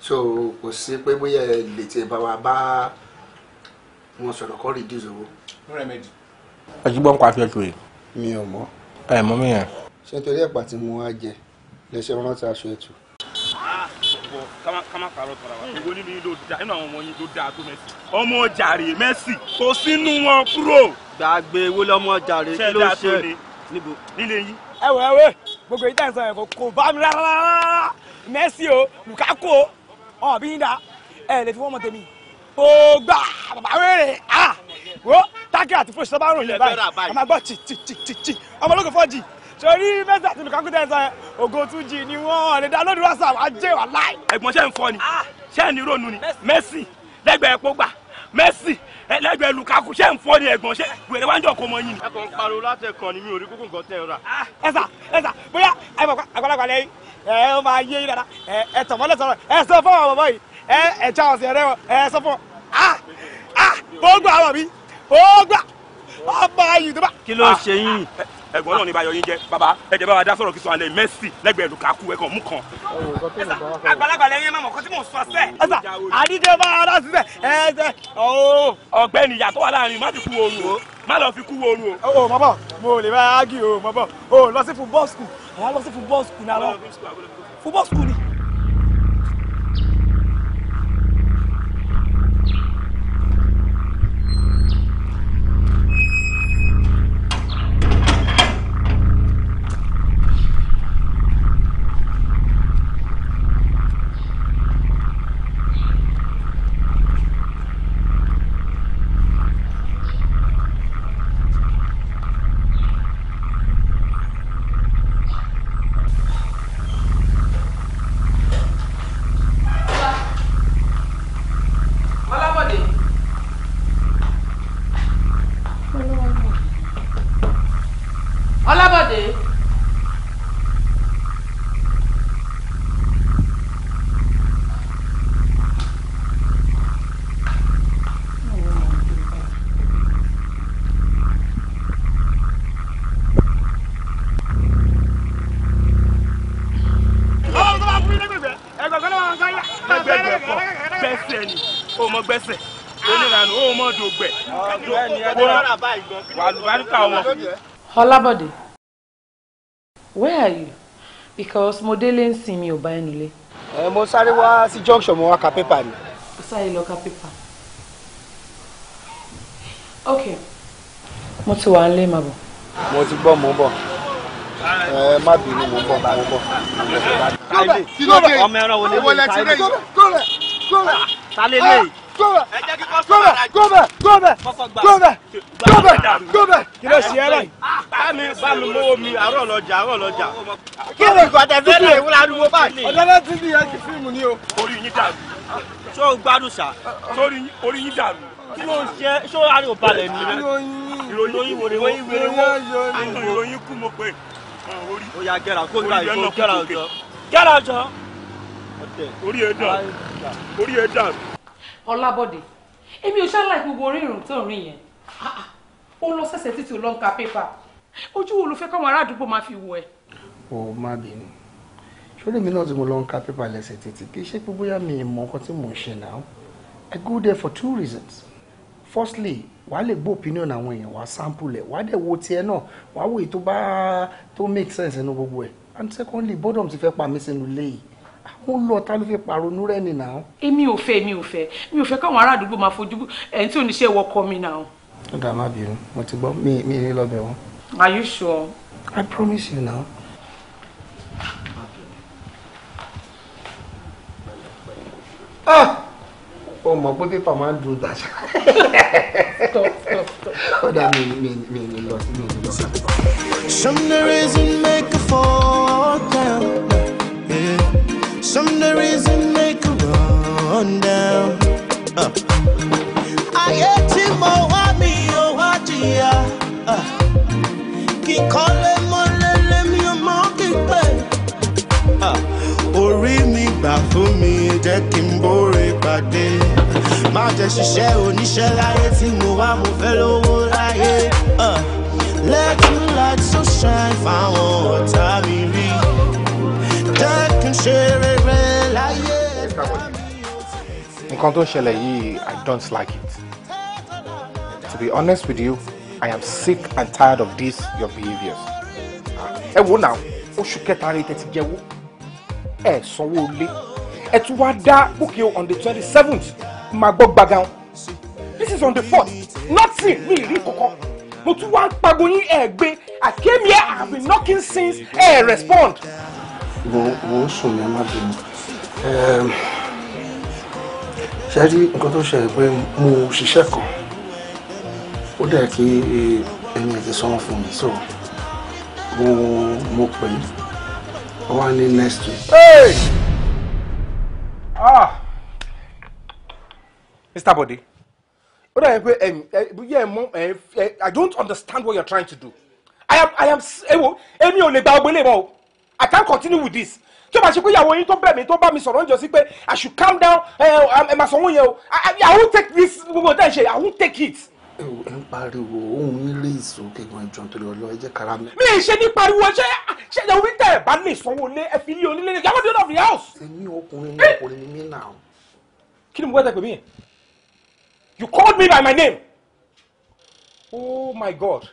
so kò sí pé bóyá ẹ lè tiẹ̀ bá wa bá wọn sọ̀rọ̀ kọ́ reduce owó. ọjọ́gbọ́n kò àfihàn tó yìí. mi ò mọ̀. ẹ mọ̀ mi yẹn. ṣé torí ẹ̀pà tí mo wá jẹ lẹ́sẹ̀ rántí aṣọ ẹ̀tù jọ kámá parọ́ tọ́ra wa gbogbo nínú yín ló da nínú àwọn ọmọ yín ló da tó mẹ́sì. ọmọ jàre mẹ́sì kò sínú wọn kúrò. gbàgbé wo lọmọ jàre kí ló ṣe níbo. nílé yín. ẹ wẹ ẹ wẹ gbogbo yìí tẹ̀sán ẹ̀ kò bá mi rárá mẹ́sì o Lukaku o ọ̀ bí yín da ẹ lè fi wọ́n mọ tèmi ó gbà bàbá wẹ̀rẹ̀ ah wo tákì àti fòṣìṣẹ́ bá rùn yẹn báyìí ọmọ agbọ́ tì tì tì tì ọmọ ológun fọ́ọ̀jì sori mẹsàtì nìkan kúndẹ̀ sọ ògo tún jì ni wọ́n lè dá lórí ajé wà láì. ẹ̀gbọ́n ń fọ́ ni ṣe ń ronú ni lẹ́gbẹ̀ẹ́ pogba Messi lẹ́gbẹ̀ẹ́ Lukaku ṣe ń fọ́ ni ẹ̀gbọ́n ṣe wèrè wá ń mọ yín ń pariwo láti ni mi ò rí kókó nǹkan ẹ rà. Ah, ẹ ẹ ó máa yé yín dada ẹ ẹ sọ fún yìí sọ fún ọ ah, ah, ó ẹ̀gbọ́n náà ní bá yọ yín jẹ́ bàbá ẹ̀jẹ̀ bá wa dá sọ̀rọ̀ kí sọ alẹ́ Messi lẹ́gbẹ̀ẹ́ Lukaku ẹ̀kan mú kan. àgbàlagbà lẹ́yìn mọ̀mọ́ kó tí mò ń sọ sẹ́. ẹ̀sà àdíjẹ́ bá ara síbẹ̀ ẹ̀ẹ́dẹ́. ọ̀gbẹ́ni ìyàtọ̀ wà láàrin má ti kú oorun o má lọ fi kú oorun o. o mọ bọ mo lè bá yági o mọ bọ o lọ sí football school àwa lọ sí football school náà lọ football school ni. Ọlábọ̀dé, where are you? Because mo délé ń sin mi ò bá ẹnu lé. Ẹ mo sáré wá junction mo wá ka pépà ni. Mo sáré ka pépà. Ok, mo ti wà ń lé Mo ti gbọ́ mo ń bọ̀ ẹ má bínú mo bọ mo bọ. kílódé kílódé ọmọ ẹran wo ni wọlé tí lè ta lè lè go back. ẹ jẹ́ kí kọ́sọ́mà ra jù. go back go back go back go back go back. kí ló ṣe é rẹ̀. bá mi bá mi mówó mi àárọ̀ lọ́jà àárọ̀ lọ́jà. kí ni ìgbọ̀tẹ̀ fẹ́ náà ìwúlá ariwo báyìí. ọ̀dọ́dọ́ tv yẹn ti fíìmù ni o. orí yín dàrú ṣó o gbádùn sá orí yín dàrú kí ló ń ṣe ṣó ariwo balẹ̀ ni rẹ ìròyìn òyìnbó ni wọ́n ìwé wọn ìròyìn kú mo pé orí ó yà gẹ́ra kó gba ìṣó gẹ́ra ọjọ́ gẹ́ra ọjọ́ orí ẹ̀ dàrú orí ẹ̀ dàrú ọlábọ̀dé èmi ò ṣáláì gbogbo orírun tó ń rìn yẹn ah, ah, ó lọ sẹ̀sẹ̀ títí ló ń ka pépà ojú wo ló fẹ́ káwọn ará àdúgbò máa fi wo ẹ. o má bínú sórí mi náà tí mo lọ ń ka pépà lẹ́sẹ̀ títí kì í ṣe pé bóyá mi mọ nǹkan tí mò ń ṣe náà I go there for two reasons firstly wàá lè gbọ́ opinion àwọn èèyàn wàá sample ẹ̀ wàá dẹ̀ wo tiẹ̀ náà wàá wòye tó bá tó make sense nínú gbogbo ẹ̀ and secondly boredom ti fẹ́ pa mí sínú ilé ó lọ ta ló fi pàrọnú rẹ nìyà. èmi ò fẹ́ mi ò fẹ́ mi ò fẹ́ káwọn ará àdúgbò máa fojú ẹni tí oníṣẹ́ wọkọ mi náà. ó dà má bínú mo ti gbọ́ mi mi ní lọ́bẹ̀ wọn. are you sure. i promise you now. Ah! ó mọ̀ pé pépà máa ń dùn dàṣà. ó dà mí mi mi mi lọ sí mi lọ. Some the reason make a fall down. Some the reason they could run down. Uh. I hate him, oh, I me, oh, I dear. Uh. Kí kọ́lé mọ́lẹ́lẹ́ mi ò mọ kíkẹ́. Orí mi gbà fún mi, jẹ́ kí n bóre pàdé. Má jẹ́ ṣiṣẹ́ oníṣẹ́ láyé tí mo uh. Let your light so shine fáwọn ọ̀tá mi rí. Jẹ́ kí n ṣeré. nǹkan tó ń ṣẹlẹ̀ yìí I don't like it to be honest with you I am sick and tired of this your behaviours ẹ wo náà oṣù kẹta rẹ tẹ ti jẹ́wọ́ ẹ sanwó lé ẹ tún wá dá bókè on the twenty seventh máa gbọ́ gbàgán this is on the fourth nothing mi rí kankan mo tún wá ń pagbo yín ẹ gbé I came here I have been knocking since ẹ respond. wo wo sùn mi má bínú ṣe rí nǹkan tó ṣẹlẹ̀ pé mo ṣiṣẹ́ kan ó dẹ̀ kí eh, ẹni ẹ̀ sanwó fún mi so mo mo pè é ó wá ní next week. Hey! Ah! Mr. Bode ó dàbí pé yẹ ẹ mọ I don't understand what you are trying to do I am I am ewo èmi ò lè gba ọgbẹ́lẹ̀ mọ́ o I can't continue with this tí o bá ṣe pé ìyàwó yín tó bẹ̀ mí tó bá mi sọ̀rọ̀ ń jọ sí pé I should calm down ẹ máa sanwó yẹn o I won't take this gbogbo tẹ́ ẹ ṣe I won't take it. ẹ ń pariwo ohun yín lé ìsókè gan ìjọ nítorí ọlọ ẹ jẹ kára mi. mi ì ṣe ní pariwo ṣé ṣe ìyàwó yín tẹ̀ bá lè sanwó lé ẹ fi ilé onílé ní yàrá of the house. èmi ọkùnrin ni ọkùnrin ni mí nà. kí ni mo gbọ́dọ̀ pè mí you called me by my name oh my god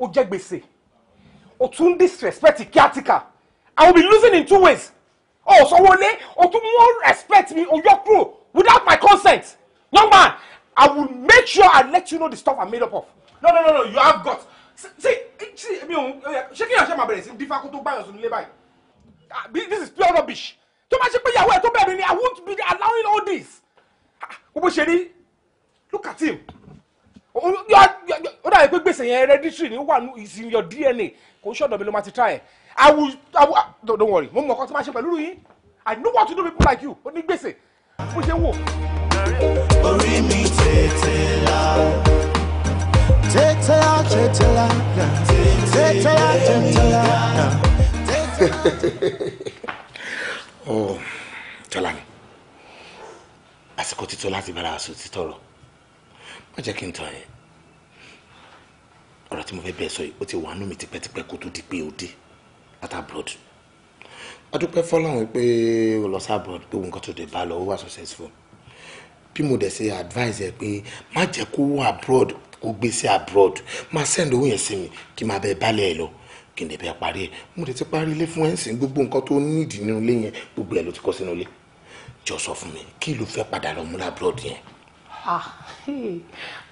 ó jẹ́ gbèsè ó tún disrespect kíátíkà. I will be losing in two ways. Oh, so olé or to mú respect me on your crew without my consent. man. I will make sure I let you know the stuff I'm made up of. No, no, no, no, you have got. See, see, me ò oh ṣé kí my máa bẹ̀rẹ̀ sí dífá kó tó báyọ̀ sínú ah, This is pure rubbish. To my ṣe pé ìyàwó ẹ̀ tó bẹ̀rẹ̀ I won't be allowing all this. Gbogbo ah, ṣe look at him. Ó dàbí pé gbèsè yẹn hereditary ni wà ní is in your DNA. Kò ń ṣọ̀dọ̀ mi ló máa ti try ẹ̀. I will, I will, ah, don't, don't worry. Mo mọ̀ ọkọ tí máa ṣe pẹ̀lú yín. I know what to do with people like you. Onígbèsè. Bó ṣe wò. Orí mi tètè la. Tètè la, tètè la. Tètè la, tètè la. [laughs] Oh, Tọ́lání. Àsìkò ti tó láti bára aṣọ títọ́ rọ̀. Má jẹ́ kí n tàn yẹn. Ọ̀rọ̀ tí mo fẹ́ bẹ́ẹ̀ sọ yìí, ó ti wà nù mí tipẹ́tipẹ́ kó tó di pé ó dé at abroad adúpẹ́ fọlọ́run pé o lọ sí abroad pé nǹkan tó dé bá lọ ó wà successful bí mo dẹ̀ ṣe advice ẹ pé má jẹ́ kó wọ abroad kó gbé sí abroad má send owó yẹn sí mi kí n máa bẹ balẹ̀ ẹ lọ kí n dẹ̀ bẹ parí ẹ mo dẹ̀ ti parí ilé fún ẹ̀sìn gbogbo nǹkan tó nídìí nínú ilé yẹn gbogbo ẹ̀ ló ti kọ́ sínú ilé jọ sọ fún mi kí ló fẹ́ padà lọ mú labroad yẹn. ah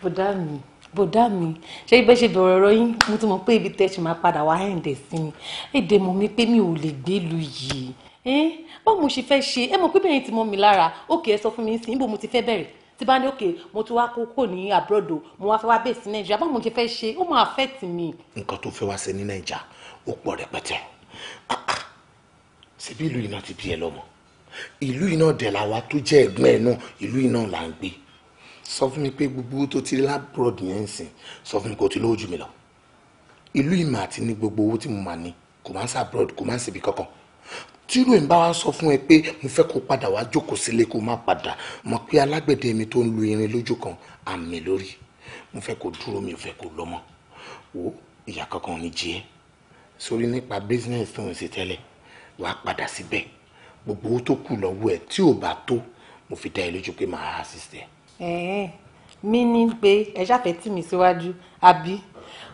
bùdá mi bòdá mi ṣé bẹ́ẹ̀ ṣe bẹ̀rẹ̀ ọ̀rọ̀ yín mo tún mọ̀ pé ibi tẹ́ ṣe máa padà wá ẹ̀ǹdẹ̀ sí mi èdè mọ̀ mi pé mi ò lè gbé lu yìí báwo mo ṣe fẹ́ ṣe ẹ mọ̀ pé bẹ́ẹ̀ ti mọ́ mi lára òkè ẹ sọ fún mi sí níbo mo ti fẹ́ bẹ̀rẹ̀ tí bá ní òkè mo ti wá kókó ní àbúròdò mo wá fẹ́ wá bẹ́ẹ̀ sí nàìjíríà báwo mo ṣe fẹ́ ṣe ó máa affect mi. nǹkan tó fẹ́ wá ṣe ní nàìjà ó pọ̀ rẹpẹtẹ ah, ah. ṣebí ìlú iná ti bí ẹ lọ́mọ ìlú iná dẹ̀ sọ fún mi pé gbogbo tó ti rí lábúrọ̀dù yẹn ń sìn sọ fún mi kó ti lówó jù mí lọ ìlú ìmọ̀ àti ní gbogbo owó tí mo mà ní kò máa ń sá abroad kò máa ń ṣèbí kankan tí ìlú ìmọ̀ bá wá sọ fún ẹ pé mo fẹ́ kó padà wá jókòó sílé kó má padà mọ̀ pé alágbẹ̀dẹ mi tó ń lu irin lójú kan àmì lórí mo fẹ́ kó dúró mi ò fẹ́ kó lọ́mọ wo ìyá kankan ní jí ẹ sórí nípa business tó ń ṣe tẹ́lẹ̀ wàá padà síbẹ̀ gbogbo owó tó kù lọ́wọ́ ẹ tí ò bá tó mo fi dá ẹ lójú pé màá assist ẹ mi ní pé ẹ ṣàfẹ́ tì mí síwájú àbí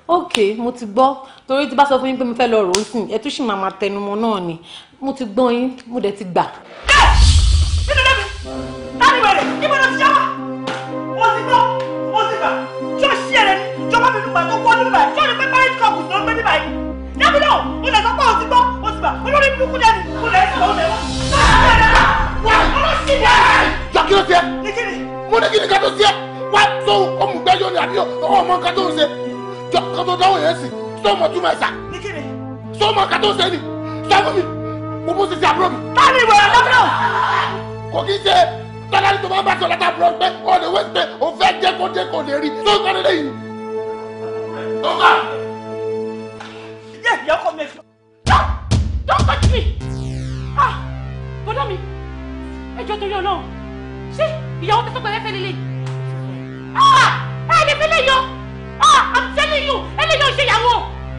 ok mo ti gbọ́ torí tí bá sọ fún yín pé mo fẹ́ lọ rò ó sìn ẹ tún ṣì máa máa tẹnumọ́ náà ni mo ti gbọ́ yín mo dẹ̀ ti gbà. ẹ nínú lẹ́bi táyì wẹ̀rẹ̀ ibo ló ti já wa mo ti gbọ́ mo ti gbà tí o ṣí ẹ̀rẹ̀ ni jọba mi nígbà tó wọ́n nígbà tí o ní pé marriage couple ló ń gbé nígbà yìí lẹ́bi náà o lè sọ pé o ti gbọ́ o ti gbà olórí burúkú dẹ́ni o lè lè wá. wọ́n ló mo ní kí ni ká tó sí ẹ wá tó ọmùgbẹ́jọ ni àbí ọmọ nǹkan tó ń ṣe jọ kan tó dáwọ̀ yẹn sì sọmọ túmọ̀ ẹ̀ sà sọmọ nǹkan tó ń se ni sọ fún mi mo mú sisi àbúrò mi. táàbí ìwé ọ̀rọ̀ lọ́kọ̀. kò kí n ṣe tọ́lá ní tó máa bá sọ̀rọ̀ táàbúrò pé o lè wé pé o fẹ́ jẹ́ kó jẹ́ kó lè rí tó ń kọ́ nílé yìí. tó ìyá ìyá ọkọ mi fi. don't touch me. ah bọ́dọ̀ mi ẹjọ́ torí ọlọ́run ṣé ìyàwó tó sọ pé ẹ fẹ́ ẹ ah! lè fẹ́ lẹ́yọ ah! I'm telling you ẹlẹ́yọ ṣe ìyàwó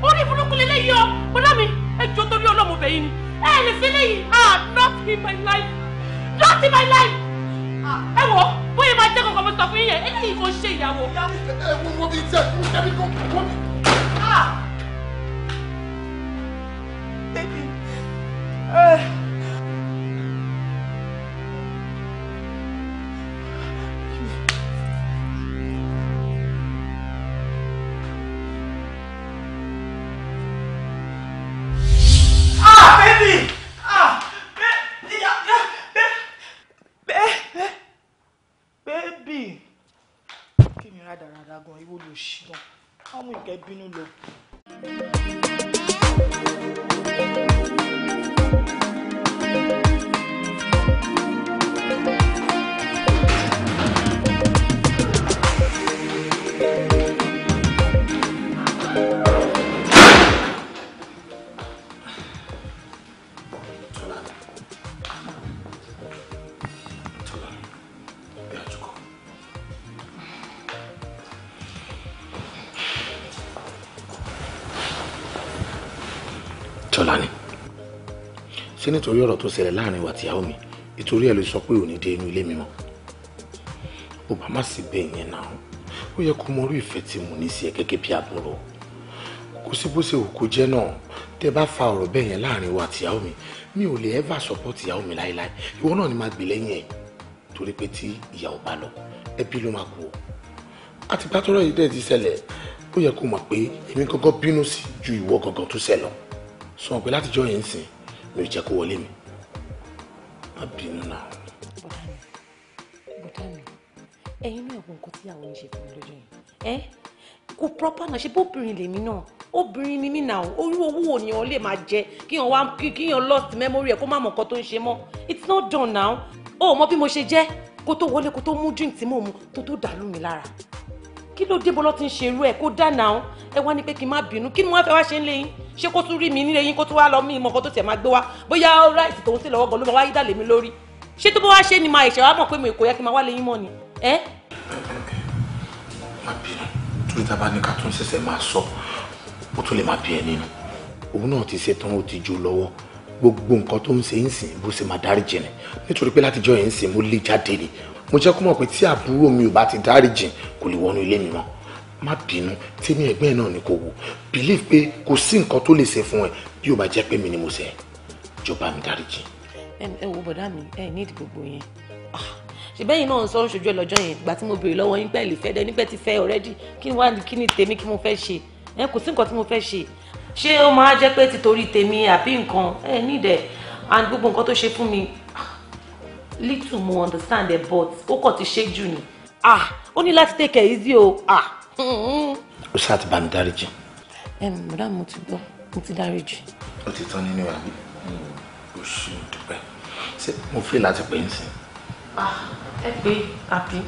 orí burúkú lélẹ̀ yọ bọ́lá mi ẹ jọ torí ọlọ́mọ bẹ̀yìn ni ẹ lè fẹ́ lẹ́yìn ah! not in my life not in my life ẹ wọ bóyá máa jẹ́ kankan mo sọ fún yẹn ẹ wo wo mi jẹ Baby. Uh. òṣìlọ wọn mú ìkẹ́ bínú lọ ṣé nítorí ọ̀rọ̀ tó ṣẹlẹ̀ láàrin wa tìyàwó mi ìtorí ẹ̀ ló sọ pé òní dé inú ilé mi mọ́ ó bá má sì bẹ́ẹ̀ yẹn náà ó yẹ kó mọ orí ìfẹ́ tí mo ní sí ẹ gẹ́gẹ́ bí àbúrò kò sí bó ṣe wù kó jẹ́ náà tẹ́ bá fa ọ̀rọ̀ bẹ́ẹ̀ yẹn láàrin wa tìyàwó mi mi ò lè ever support ìyàwó mi láéláé ìwọ náà ni máa gbè lẹ́yìn ẹ̀ torí pé tí ìyàwó bá lọ ẹbí ló máa kú o àti pátọ́rọ̀ yìí dẹ̀ ti ṣẹlẹ̀ ó yẹ kó mọ̀ pé èmi gangan bínú sí ju ìwọ gangan tó ṣẹlọ sọ pé látijọ́ yẹn ń sìn mi ò jẹ́ kó wọlé mi má bínú náà. bọ́tàmì bọ́tàmì ẹ̀yin náà ẹ̀gbọ́n nǹkan tíyàwó ń ṣe fún mi lójú yìí ẹ́ kò proper náà ṣe bó obìnrin lèmi náà obìnrin ni mí náà orí owó wo ni wọn lè máa jẹ kí wọn wá kí wọn lost memory ẹ kó má mọ nǹkan tó ń ṣe mọ́ it's not done now ó mọ bí mo ṣe jẹ́ kó tó wọlé kó tó mú drink tí mò ń mu tó tó dàlú mi lára kí ló dé bọ́lọ́ ti ń ṣe irú ẹ̀ kó dáná o ẹ wá ní pé kí n má bínú kí ni wọ́n fẹ́ wá ṣe ń lé yín ṣé kó tún rí mi nílé yín kó tún wá lọ mí ìmọ̀kan tó tiẹ̀ máa gbé wá bóyá ráìsì tòun sí lọ́wọ́ gan ló máa wá yí dàlẹ́ mi lórí ṣé tó bá wá ṣe ni máa ẹ̀ṣẹ̀ wá mọ̀ pé mi kò yẹ kí n máa wá lé yín mọ́ ni. ẹ má bínú torí tá a ní ká tún ṣẹ̀ṣẹ̀ máa sọ ó tún lè má bí ẹ nínú òun náà ti ṣetán ó ti jó lọ́wọ́ gbogbo nǹkan tó ń ṣe ń sìn bó ṣe máa dárí jẹ ni nítorí pé látijọ́ yẹn ń sìn mo lè jáde ni mo jẹ́ kó mọ̀ pé tí àbúrò mi ò bá ti dáríjì kò lè wọnú ilé mi mọ́ má bínú tí ní ẹgbẹ́ náà ni kò wò believe pé kò sí nǹkan tó lè ṣe fún ẹ bí ó bá jẹ́ pé mi ni mo ṣe jọba mi dáríjì. ẹ wo bọ̀dá mi ẹ ní ìdí gbogbo yẹn ah, ṣèbẹ́yìn náà sọ ṣojú ẹ lọ́jọ́ yẹn ìgbà tí mo béèrè lọ́wọ́ yín pẹ́ lè dẹ nígbẹ́ ti fẹ́ ọ̀rẹ́dì kí ni wá kí ni tèmi kí mo fẹ́ ṣe ẹ kò sí nǹkan tí mo fẹ́ ṣe ṣé ó máa jẹ́ pé títorí tèmi àbí nǹkan ẹ ní ìdẹ and gbogbo nǹkan tó ṣe fún mi little mo understand ẹ but ó kàn ti ṣe jù ni ah ó ní láti take it easy o ah. ó ṣáà ti bá mi dáríjì. ẹ mọ̀dá mo ti gbọ́ mo ti dáríjì. ó ti tán nínú àbí hmm, o ṣe dúpẹ́ ṣé mo fi láti pè é sí. Ah, ẹ pé àbí.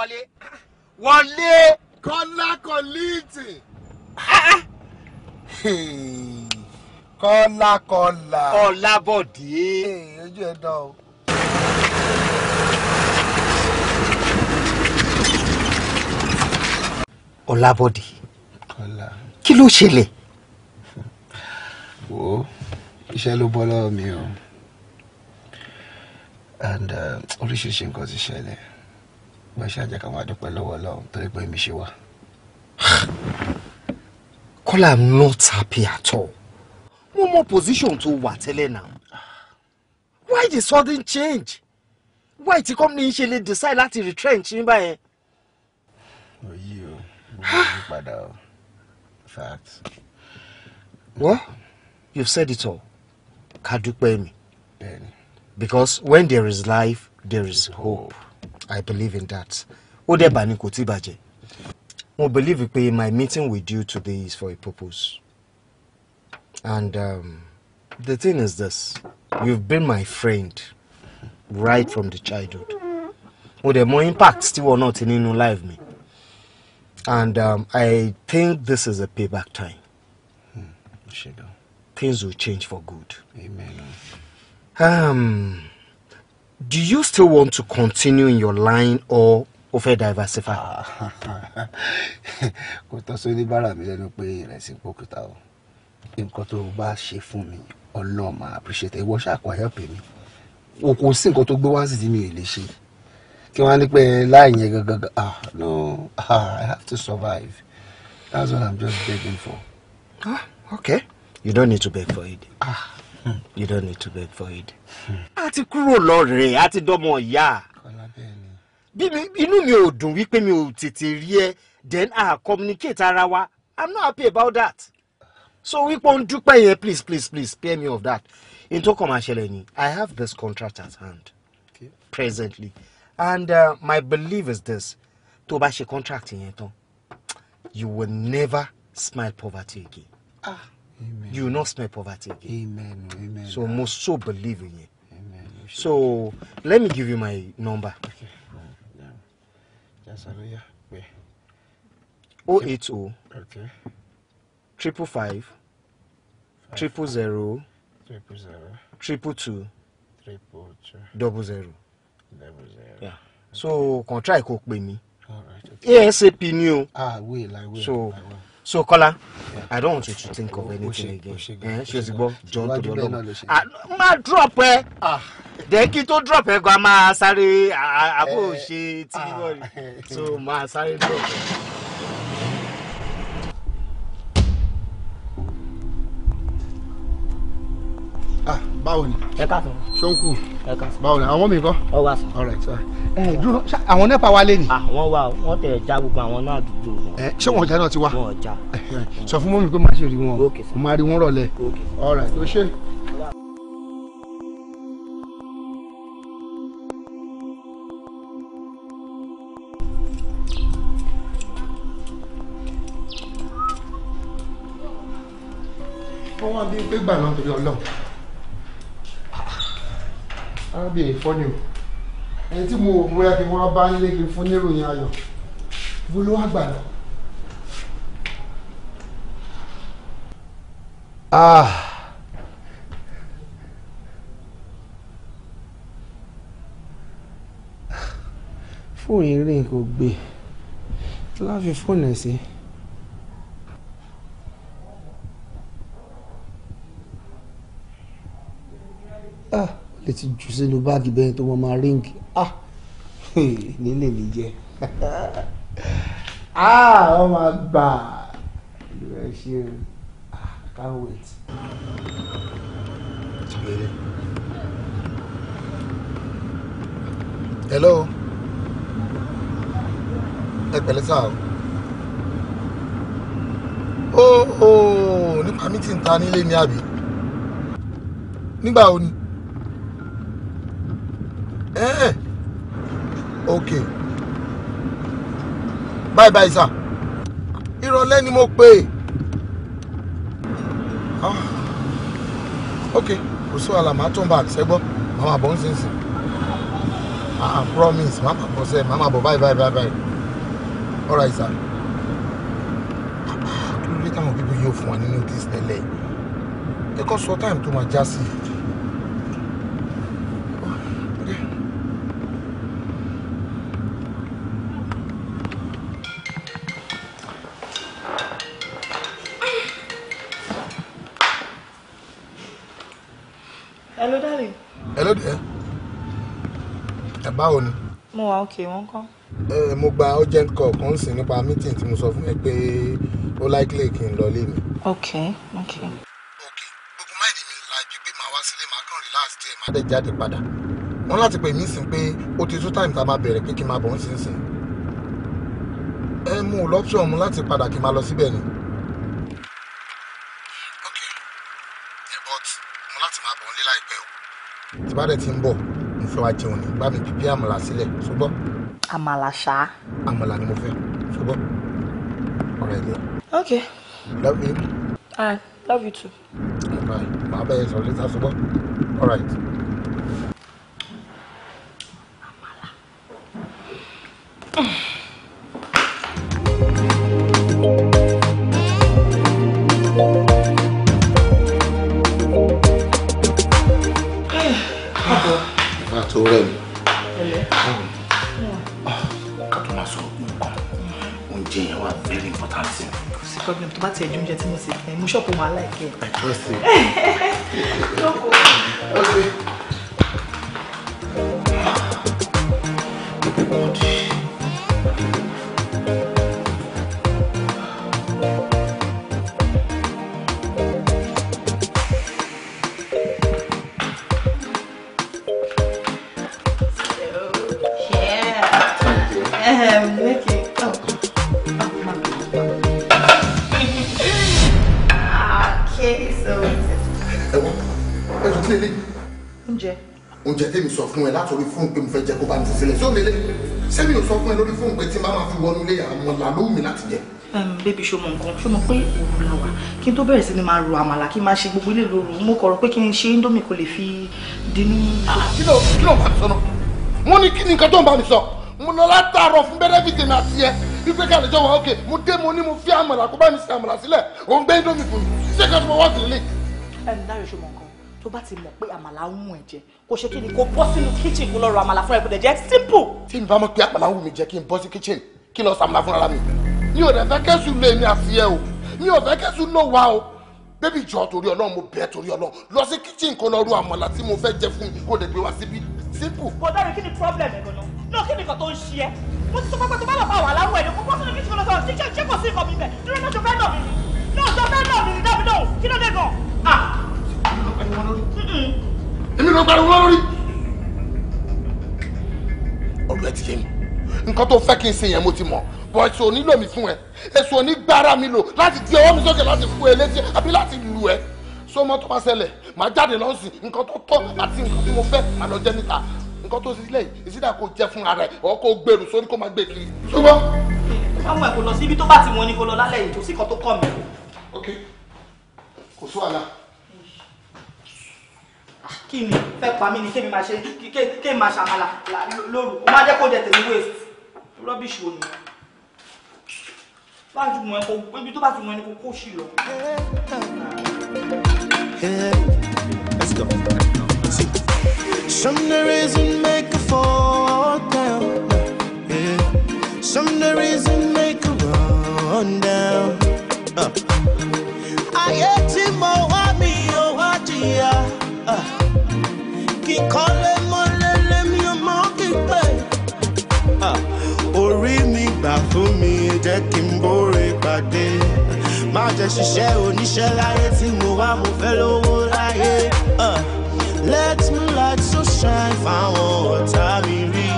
wọlé. wọlé. kọ́lá kọ́líìtì. Ah, ah. kọ́lá kọ́lá. ọ̀làbọ̀dé. ojú ẹ̀ dán o. ọ̀làbọ̀dé kí ló ṣẹlẹ̀. wò ó iṣẹ́ ló bọ́ lọ́wọ́ mi o and uh, oríṣiríṣi nǹkan ti ṣẹlẹ̀ bá ṣe àjàkà wá dúpẹ́ lọ́wọ́ ọlọ́run torí pé mi ṣe wá. Kọ́lá I'm not happy at all. Mo mọ position tó wà tẹ́lẹ̀ náà. Why the sudden change? Why ti company yìí ṣe lè decide láti retrench ní báyẹn? Òyì o, mo ah! yí padà o. Fact. Well, you've said it all. Ká dúpẹ́ mi. Because when there is life, there is hope. I believe in that. Ó dẹ̀ bá ní kò tí bàjẹ́. Mo believe pé my meeting with you today is for a purpose. And um, the thing is this, you've been my friend right from the childhood. Mo dẹ̀ mọ impact tí wọ́n náà ti nínú life mi. And um, I think this is a payback time. Hmm. Things will change for good. Amen. Um, do you still want to continue in your line or o fẹ́ diversify. [laughs] kò tọ́ sí oníbàárà mi lẹ́nu pé ìrẹsì pòkìtà o nǹkan tó bá ṣe fún mi ọlọ́run máa appreciate ìwọ ṣàkóso help mi o kò sí nǹkan tó gbé wá sí ti mi ò lè ṣe kí wọ́n á ní pé láì yẹn gangan ah no ah [laughs] i have to survive that's what i'm just begging for. ah okay you don't need to beg for it. ah you don't need to beg for it. a ti kúrò lọ́rẹ̀ẹ́ a ti dọ́mọ ìyá. bí mi inú mi ò dùn wípé mi ò tètè rí ẹ then I communicate ara wa i'm not happy about that. so wípé ó ń dúpẹ́ yẹn please please please spare me of that. in tó kàn máa ṣẹlẹ̀ ni i have this contract at hand okay. presently and uh, my belief is this tó bá ṣe contract yẹn tán you will never smile poverty again. Ah. Amen. You will not smell poverty again. Amen. Amen. So most so believe in you. Amen. So let me give you my number. Okay. Yes, I know. Yeah. Where? 080 okay. triple five, triple zero triple zero triple two triple two double zero double zero yeah. So Okay. so by me. All right. Okay. asap New. ah, will, I will, so I will so Kọ́lá i don't want you to think of anything again eh, ṣé o ti gbọ́ jọ nítorí ọlọ́run ah, má drop ẹ dẹ́ ah, kí tó drop ẹ gan máa sáré ah, àbò eh, ṣe tí wọ́n rí so máa sáré drop ẹ. Ah, báwo ni. ẹ káàsán. ṣóńkù. ẹ káàsán. báwo ni àwọn mi kọ. ọ wá sàn. alright sir. ẹ eh, dúró àwọn nepa wa lé ni. àwọn ah, wa wọn tẹ já gbogbo àwọn náà dúró. ẹ eh, ṣé wọn ọjà náà ti wá. wọn ọjà. Eh, sọ fún mọ́mí pé màá ṣe rí wọn o màá rí wọn rọ̀lẹ́. alright o ṣe. wọ́n wá bí pé gbà náà torí ọlọ́run arábìnrin fọ́ni o ẹni tí mo wò bóyá kí wọ́n bá ń lé kí n fún níròyìn ayọ̀ bó ló wá gbà lọ. Ah. fóònù eré nǹkan gbé láfi fóònù ẹ̀ sí. lè ti jù sínú báàgì bẹ́ẹ̀ tó mọ máa ríǹgì ah nílé mi jẹ [laughs] ah wọ́n máa gbà ẹ ṣe ah can't wait. hello ẹ pẹ̀lẹ́ sáà o ó oh, ó oh, nípa mítìntà nílé ni àbí nígbà wo ni. Eh, eh okay bye bye sir ìrọ̀lẹ́ ni mo pè é ah. okay kò sí wàhálà màá tún bá àtẹ́gbọ́ màá bọ̀ ń sìn sìn ah promise màá bọ̀ sẹ́ màá bọ̀ bye bye bye bye all right sir kí ló dé táwọn bíbí yóò fún wa ní notice tẹ́lẹ̀ ẹ̀kọ́ sọ time tó máa já sí i. báwo ni. mo wà òkè wọn kọ́. ẹ mo gba urgent call kan sí nípa meeting tí mo sọ fún ẹ pé ó likely kí n lọ lé mi. ok ok. ok gbogbo máìlì mi la ju pé màá wá sílé màá kàn relax díẹ̀ màá dẹ̀ jáde padà wọ́n láti pè mí sìn pé ó ti two times tá a máa bẹ̀rẹ̀ pé kí n máa bọ̀ ń sìn sìn ẹ mú un lọ́pṣọ̀n mu láti padà kí n máa lọ síbẹ̀ ni. ok ẹ bọ́t mo láti máa bọ̀ ń lé láìpẹ́ o. tí bá dẹ̀ ti ń bọ̀ fẹ́ wá jẹun ní bá mi pípí àmàlà sílẹ̀ ṣùgbọ́. àmàlà ṣá. àmàlà ni mo fẹ́ ṣùgbọ́. ọ̀rọ̀ ẹ̀ lé. okay. love you. i love you too. bye bye bàbá ẹ sọ létà ṣùgbọ́. all right. débi ṣo mọ nǹkan ṣo mọ pé òru la wà kí n tó bẹ̀rẹ̀ sí ni máa ro àmàlà kí n máa ṣe gbogbo ilé lóru mo kọ̀rọ̀ pé kí n ṣe indomie kò lè fi dín ní. Ah, kí ló kí ló bá mi sọ náà wọ́n ní kí ni nǹkan tó ń bá mi sọ mo lọ látàárọ̀ fún bẹ́rẹ́fìtì mi àti ẹ wípé ká lè jọ wá òkè mo dé mo ní mo fi àmàlà kó bá mi ṣe àmàlà sílẹ̀ òun gbé indomie fún mi ṣé kí wọ́n wá tó bá ti mọ̀ pé àmàlà ń wù ẹ̀ jẹ kò ṣe kí ni kò bọ́ sínú kitchen kó lọ rọ àmàlà fún ẹ kó dẹ̀ jẹ́ simple. tí mi bá mọ̀ pé àmàlà ń wù mí jẹ kí n bọ́ sí kitchen kí lọ sàmàlà fúnra mi mi ò dẹ̀ fẹ́ kẹ́sù lé mi àti ẹ o mi ò fẹ́ kẹ́sù ló wa o bébí jọ torí ọlọ́run mo bẹ́ẹ̀ torí ọlọ́run lọ sí kíchìn kó lọ ru àmàlà tí mo fẹ́ jẹ fún mi kó lè gbé wá síbí simple. mo dárí kí ni problem ẹ̀ gan-an náà kí ni nǹkan tó ń ṣe ẹ́ mo ti sọ pé tó bá lọ bá wà láwọ̀ ẹ̀ ló kó bọ́ sínú kíchìn kó lọ sọ̀rọ̀ sí jẹ́ kó sí nǹkan mi bẹ̀ dúró náà jọ fẹ́ nà mí ni náà jọ fẹ́ nà mí ni dábì náà kí ló dé gan. Ah! èmi ló gbàdúrà tó fẹ́ kí n ṣe yẹn mo ti mọ̀ bọ èso onílò mi fún ẹ èso onígbára mi lò láti di ọwọ́ mi sókè láti fún ẹ létí àbí láti lù ẹ so mọ́ tó bá ṣẹlẹ̀ màá jáde lọ́sìn nǹkan tó tọ́ àti nǹkan tí mo fẹ́ màá lọ jẹ níta nǹkan tó sílẹ̀ yìí ìsídà kò jẹ fún ara ẹ̀ ọ̀ kò gbèrú sórí kó máa gbé kiri. ṣùgbọ́n. káwọn ẹ̀ kò lọ sí ibi tó bá ti wọn ni kò lọ lálẹ́ yìí tó sì kan tó kọ́ mi. ok kò sí wàhálà. kí ni fẹ́ pa mí ni kémi máa ṣe kémi máa ṣàmàlà lóru kó má jẹ́ kó jẹ tèmi waste rubbish wo nìyẹn. Some the reason make a fall down. Yeah. Some the reason make a run down. Uh. I hate him, oh, I me, oh, I dear. Uh. Keep calling. mi jẹ́ kí n bóre pàdé má jẹ́ ṣiṣẹ́ oníṣẹ́ láyé tí mo wá mo fẹ́ lówó láyé uh, let me light so shine fáwọn ọ̀tá mi rí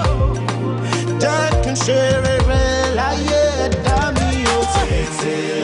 jẹ́ kí n ṣe rere láyé ẹ̀dá mi ó tètè.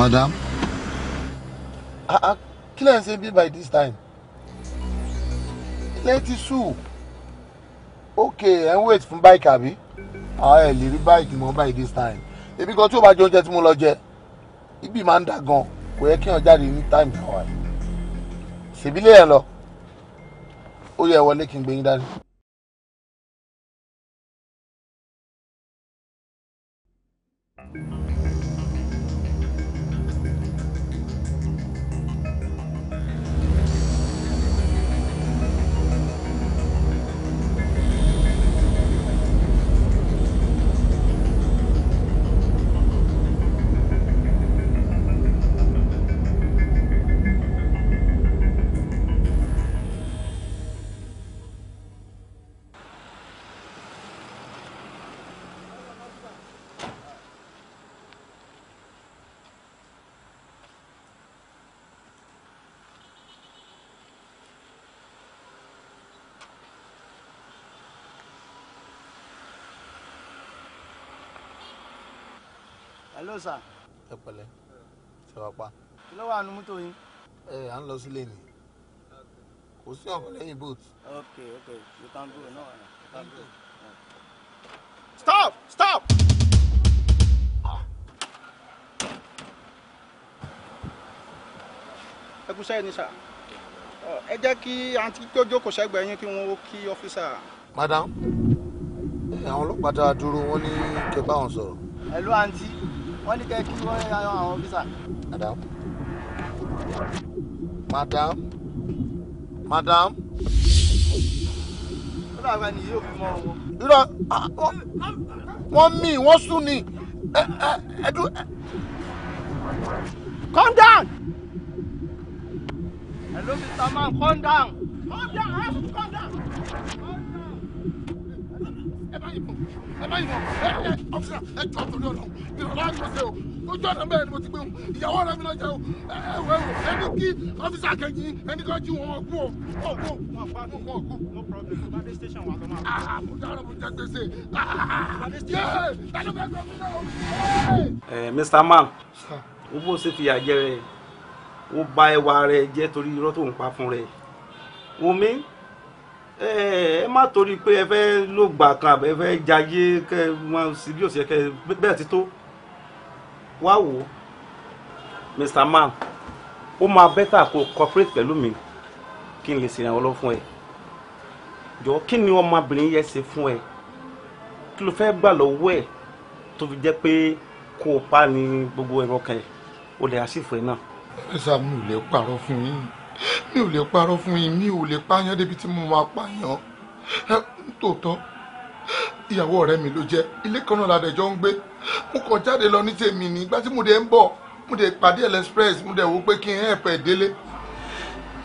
madam. ah, ah kí lẹ́yìn ṣe bí by this time ilé ti ṣú ok ẹ̀ ń wait fún bike, àbí ah, ẹ̀ lè rí báìkì mọ́ by this time ebi kan tí o bá jẹ oúnjẹ tí mo lọ jẹ ibi máa ń dà gan kò yẹ kí wọn jáde ní táìmù kan wà ṣèbílẹ̀ yẹn lọ ó yẹ wọlé kí n gbé yín dání. thank you hello sir. ẹ pẹ̀lẹ́ ṣe wá pa. kí ló wà nínú mọ́tò yín. ẹ à ń lọ sílé ni kò sí ọkọ lẹ́yìn boat. ok ok you can go no stop stop. ẹ kú sẹ́yìn ní sà ẹ jẹ́ kí àǹtí tó jókòó sẹ́gbẹ̀ẹ́ yín kí wọ́n kí ọ́fíìsà. madam àwọn ọlọ́pàá tá a dúró wọn ní kẹ́ wọn sọ̀rọ̀. hello àǹtí wọ́n ní kẹ́ kí wọ́n yan àwọn ọ́fíìsà. madam madam madam. ó dàgbà ní yóò fi mọ ọmọ. irọ́ ah, wọ́n mí wọ́n sún ni ẹ̀ẹ́dù. calm down. hello mr man calm down. calm down i have to calm down. Eh, Mr. Man o bó ṣe fìyà jẹ rẹ o bà ẹwà rẹ jẹ́ torí irọ́ tó ń pa fún rẹ omi ẹ má torí pé ẹ fẹ́ ló gbà kan àbẹ fẹ́ jayé kẹ wọn sì bí òsì kẹ bẹ́ẹ̀ ti tó wá wò ó Mr. Man ó máa bẹ́tà kó cooperate pẹ̀lú mi kí n lè ṣèrànwọ́ lọ fún ẹ jọ kí ni ọmọbìnrin yẹn ṣe fún ẹ kí ló fẹ́ gbà lọ́wọ́ ẹ tó fi jẹ́ pé kó o pa ni gbogbo ẹ̀rọ kan ẹ o lè aṣífò ẹ náà. ẹ sáà mi fún yín mi ò lè parọ́ fún yín mi ò lè pààyàn débi tí mo máa pààyàn tòótọ́ ìyàwó ọ̀rẹ́ mi ló jẹ́ ilé kan náà ládẹjọ́ ń gbé mo kàn jáde lọ ní tèmi ní ìgbà tí mo dé ń bọ̀ mo dé pàdé express mo dé wò pé kí n help ẹ̀ délé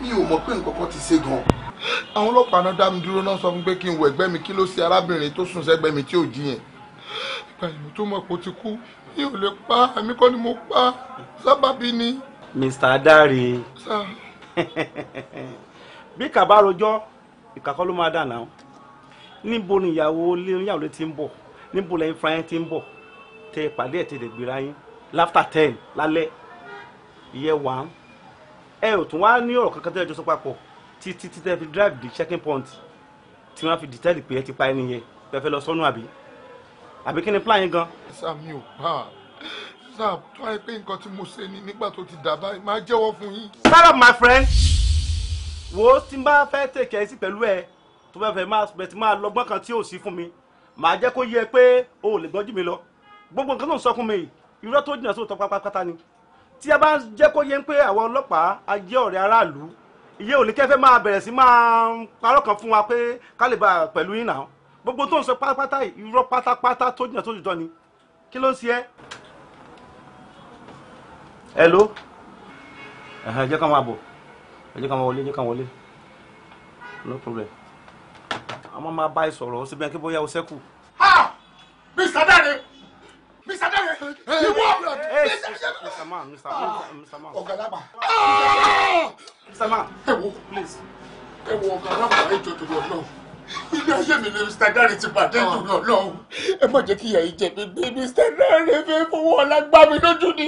mi ò mọ̀ pé nǹkan kan ti ṣe gan-an àwọn ọlọ́pàá náà dá mi dúró náà sọ fún pé kí n wọ ẹ̀gbẹ́ mi kí ló ṣe arábìnrin tó sùn sẹ́gbẹ́ mi tí ò jí ìgbà yìí tó mọ̀ pé ti kú mi ò lè pa èmi kọ́ ni mo pa sábàbí ni. Mr. Adare. sáà [laughs] bí kàbá rojọ́ ìkàkọ́ ló máa dànà níbo ni ìyàwó oníyàwó lè ti ń bọ̀ níbo lẹ́yìn fúnra yẹn ti ń bọ̀ tẹ ìpàdé ẹ̀ ti lè gbéra yín láfta ten lálẹ́ ìyẹn wà án ẹ ò tún wá ní ọ̀rọ̀ kankan tẹ́lẹ̀ jọ sọ papọ̀ títí títẹ́ fi drive the checking point tí wọ́n fi dìtẹ́lì pé ẹ ti pa ẹni yẹn pẹ́fẹ́ lọ sọ́nù àbí àbí kí ni plan yín gan. sami ò pa sir tó ayé pé nǹkan tí mo ṣe ni nígbà tó ti dà báyìí máa jẹ́wọ́ fún yín. shut my friend wo tí n bá fẹ́ tèkẹ́ sí pẹ̀lú ẹ tó fẹ́ fẹ́ máa bẹ̀ tí máa lọ́gbọ́n kan tí ò sí fún mi màá jẹ́ kó yẹ pé o ò lè gbọ́njú mi lọ gbogbo nǹkan tó ń sọ fún mi irọ́ tó jìnnà sóòótọ́ pátápátá ni tí a bá ń jẹ́ kó yẹ pé àwọn ọlọ́pàá á jẹ́ ọ̀rẹ́ aráàlú iye òní kẹfẹ́ máa bẹ̀rẹ̀ sí máa parọ́ kan fún wa pé ká lè bá pẹ̀lú yín náà gbogbo tó ń sọ pátápátá irọ́ pátápátá tó jìnnà sóòótọ́ ni kí ló ń ṣe ẹ́ hello ẹ̀hẹ̀ jẹ́ ká máa bọ̀ jẹ́ ká máa wọlé jẹ́ ká wọlé no problem àmọ́ máa bá ẹ sọ̀rọ̀ ó sì bẹ́ẹ̀ kí bóyá o sẹ́kù. ha mr dare mr dare ìwọ mr man mr man ah! ọ̀gálàmà mr ah! man ẹ wo ẹ wo ọ̀gálàmà ẹ jọ tó lọ náà ilé ayé mi ni mr dare ti pàdé ìdùnnú ọlọ́run ẹ má jẹ́ kí ìyá yìí jẹ̀bi gbé mr dare fẹ́ fowó ọlá gbá mi lójú ni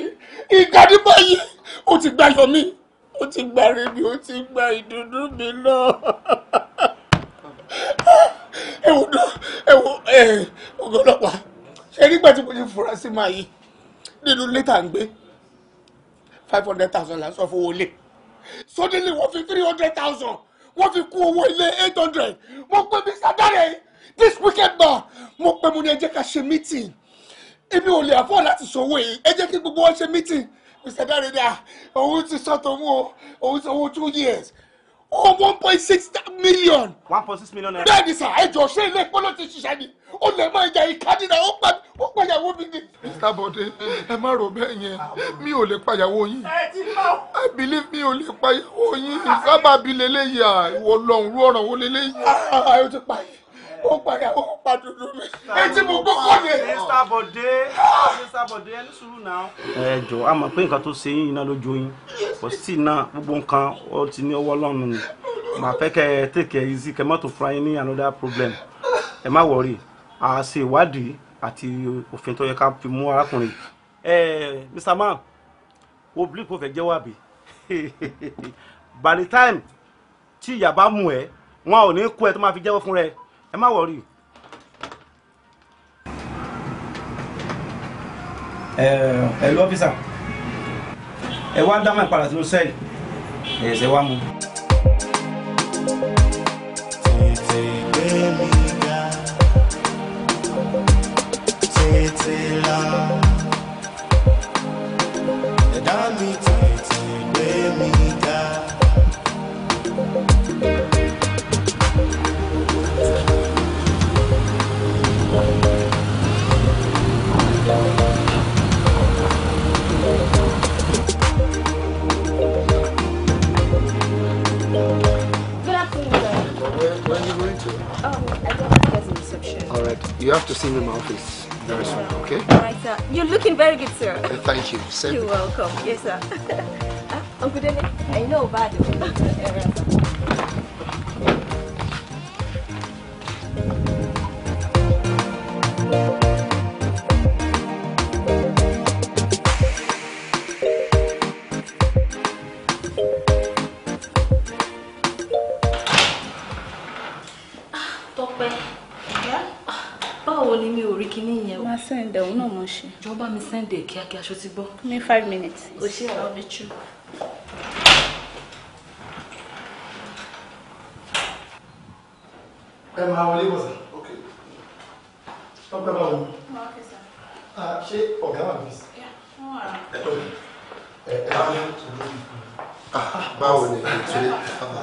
ìgbà ní báyìí ó ti gba ayọ̀ mi ó ti gba rèmi ó ti gba ìdùnnú mi náà ẹ wò náà ẹ wò ẹ ọgọ ọlọ́pàá ṣe nígbà tí mo ti fura sí máa yìí nínú létà ń gbé five hundred thousand la sọ fún wọlé sọdẹ́lẹ̀ wọ́n fi three hundred thousand wọ́n fi kún owó ilé eight hundred mo pè Mr. Dare this weekend, man mo pè mo ní ẹ ká ṣe meeting èmi ò lè àfọ́ láti sanwó yìí ẹ jẹ́ kí gbogbo wọn ṣe meeting Mr. Dare dà òun ti sọ tòun o òun ti owó two years o one point six million. one point six million naira. bẹ́ẹ̀ni sà ẹ jọ ṣé ilé ìpolówó ti ṣiṣẹ́ ni ó lè máa jà ìkádìrà ó pa ó pàyàwó mi ni. Mr. Bode ẹ má rò bẹ́ẹ̀ yẹn mi ò lè pàyàwó yín I believe mi ò lè pàyàwó yín sábàbí lélẹ́yìí à ìwọ lọ́hùn rú ọ̀ràn wo lélẹ́yìí. ayọ̀ ah, ah, ti pa yìí ó padà ó pa dúdú mi etí mo gbọ́ ni. Mr. Bode ah. Mr. Bode ẹni sùúrù náà. ẹ jọ a mọ̀ pé nǹkan tó ṣe yín iná lójú yín kò sí iná gbogbo nǹkan ó ti ní ọwọ́ lọ́nu ni màá fẹ́ kẹ́ ẹ tèkẹ́ yìí sí kẹ́ mọ́tò another problem ẹ má wọrí a ṣe ìwádìí àti òfin tó yẹ ká fi mú arákùnrin. Mr. Man oblique kò fẹ́ jẹ́wọ́ àbí [laughs] by the time tí ìyá bá mú ẹ wọn ò ní kó ẹ tó máa fi jẹ́wọ́ fún rẹ ẹ má wọrí. ẹ lọ ọ́fíìsà ẹ wá dá mọ́ ìpadà sínú sẹ́ẹ̀lì ẹ̀ ṣe wá mú un. You have to see me in my office very soon, okay? All right, sir. You're looking very good, sir. Uh, thank you. Send You're welcome. Yes, sir. [laughs] Uh, Uncle Dele, I know bad. [laughs] send ẹ̀ kíákíá ṣó ti gbọ́. mi five minutes. o ṣe ọ̀rọ̀ mi jù. ẹ máa wọlé bọ̀sà ok ọpẹ máa wọlé. Ah, ṣé ọ̀gá wà níbi. ẹ ẹ bá mi ah, báwo ni ìtúlé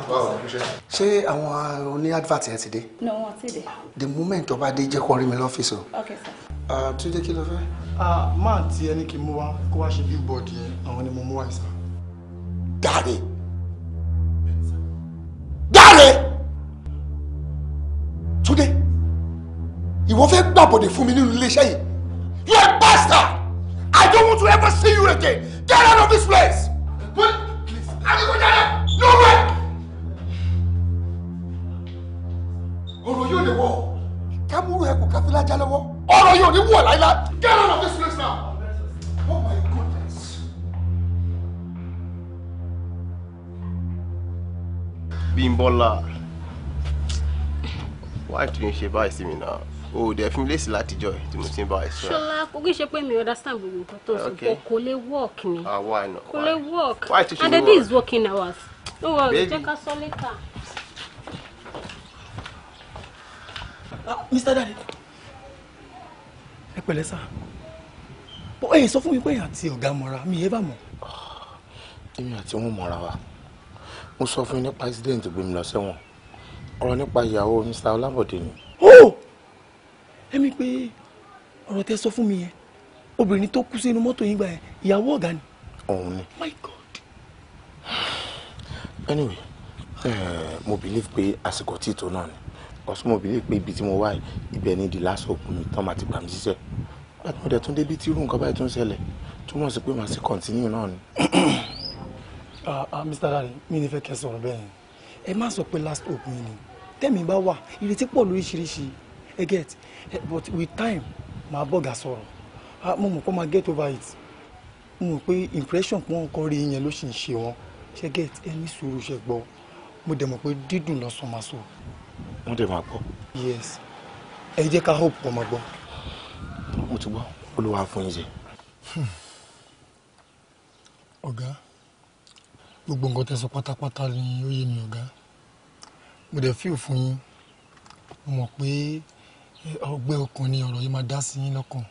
báwo ni iṣẹ́. ṣé àwọn oní advert yẹn ti dé. no wọn ti dé. the moment ọba dé jẹ́ kó rí mi lọ́fíìsì o. ok sir. Ah, túnde kí ló fẹ́ máa ti ẹni kí n mú wá kó wá ṣe bíbọ̀dì yẹn àwọn ni mo mú wá ìsà. Dáre. Dáre. Túndé, ìwọ fẹ́ gbàbọ̀dẹ̀ fún mi nínú iléeṣẹ́ yìí. You are a bastard! I don't want to ever see you again. Get out of this place. Adigunjalè, no way. Ọ̀rọ̀ lè wọ̀ múrò ẹ kò káfí lájà lọ́wọ́ ọ̀rọ̀ yóò ní wọ̀ láíláí get out of this place now. Oh my goodness. Bímbọ́lá wáyé tó ń ṣe báyìí sí mi náà o ò dẹ̀ fún mi lésì látijọ́ ẹ̀ tí mo ti ń bá ẹ sọ. ṣọlá kò kí n ṣe pé mi understand gbogbo nǹkan tó ń sọ pé kò lè work ni ah, kò lè work and the day is working hours. no worry jẹ́ ká sọ later. Mr. Dade ẹ pẹ̀lẹ́ sá bọ́ ẹ̀yìn sọ fún mi pé ẹ̀yìn àti ọ̀gá mọ́ra mi yẹ́ bá mọ̀. èmi àti wọn mọ̀ra wa mo sọ fún yín nípa accident gbé mi lọ sẹ́wọ̀n ọ̀rọ̀ nípa ìyàwó Mr. Ọlábọ̀dé ni. ó ẹ̀mí pé ọ̀rọ̀ tẹ sọ fún mi yẹn obìnrin tó kú sínú mọ́tò yín gbà yẹn ìyàwó ọ̀gá ni. òun ni. my god. anyway uh, mo believe pé àsìkò tí náà ni ọ̀sùn pé ibi tí mo wà ibẹ̀ ni di lásán òkú tán máa ti gbà mí síṣẹ́ nígbà tí tún débi tí irú nǹkan báyìí tún ṣẹlẹ̀ túmọ̀ sí pé màá sì kọ̀ǹtínú náà ni. [coughs] Ah, ah, Mr. Dare mi ní fẹ́ kẹ́ sọ̀rọ̀ bẹ́ẹ̀ ẹ má sọ pé last hope mi ni tẹ́mi bá wà ìrètí pọ̀ lóríṣiríṣi ẹ get but with time màá bọ̀gà sọ̀rọ̀ ah, mo mọ̀ kó máa get over it mo mọ̀ pé impression pọ́n kọ́ rí yẹn ló sì ń ṣe wọn ṣe get ẹ ní sùúrù ṣe gbọ́ mo dẹ̀ mọ̀ pé dídùn lọ́sàn-án máa sọ wọ́n dẹ̀ máa gbọ́. yes ẹ jẹ́ ká hope kó máa gbọ́. mo ti gbọ́ olúwa fún yín jẹ. Hmm. ọ̀gá gbogbo nǹkan tẹ́ sọ pátápátá ni ó yé mi ọ̀gá mo dẹ̀ fíò fún yín mo mọ̀ pé ọgbẹ́ ọkàn ni ọ̀rọ̀ yìí máa dá sí yín lọ́kàn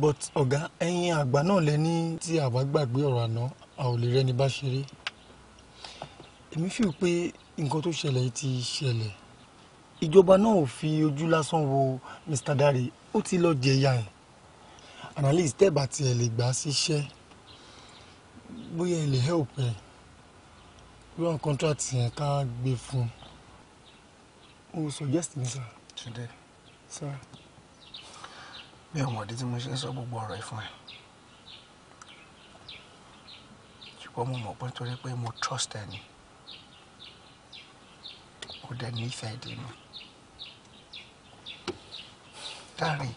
but ọ̀gá ẹ̀yin àgbà náà lẹ ní tí àwa gbàgbé ọ̀rọ̀ àná a ò lè rẹ́ni bá ṣeré èmi fíò pé nǹkan tó ṣẹlẹ̀ ti ṣẹlẹ̀ ìjọba náà ò fi ojú lásán wo Mr. Dare ó ti lọ jẹ̀yà ẹ̀ analyst tẹ́ẹ̀bà tiẹ̀ lè gbà síṣẹ́ bóyá ẹ lè help ẹ̀ run contract yẹn ká gbé fún un mo suggest mi sir. Túndé sir. mi ò mọ̀ ìdí tí mo ṣe ń sọ gbogbo ọ̀rọ̀ yìí fún ẹ ṣùgbọ́n mo mọ̀ pé nítorí pé mo trust ẹ ni ó dẹ̀ nífẹ̀ẹ́ dínú. Dárìn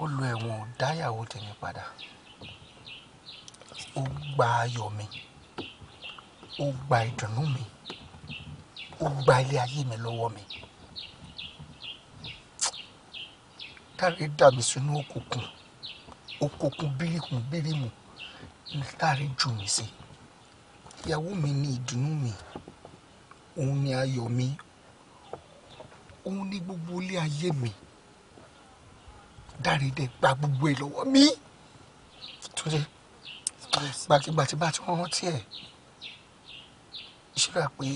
ó lo ẹ̀wọ̀n dáyàwó tèmi padà ó gba ayọ̀ mi ó gba ìdùnnú mi ó gba ilé ayé mi lọ́wọ́ mi táre dà mí sínú òkùnkùn òkùnkùn bíríkùn bírímù táre jù mí sí i ìyàwó mi ni ìdùnnú mi òun ni ayọ̀ mi òun ni gbogbo ilé ayé mi dárídẹ gba gbogbo ẹ lọ́wọ́ mi torí gbàkigbà tí bá ti wọ́n rántí ẹ̀ ṣíra pé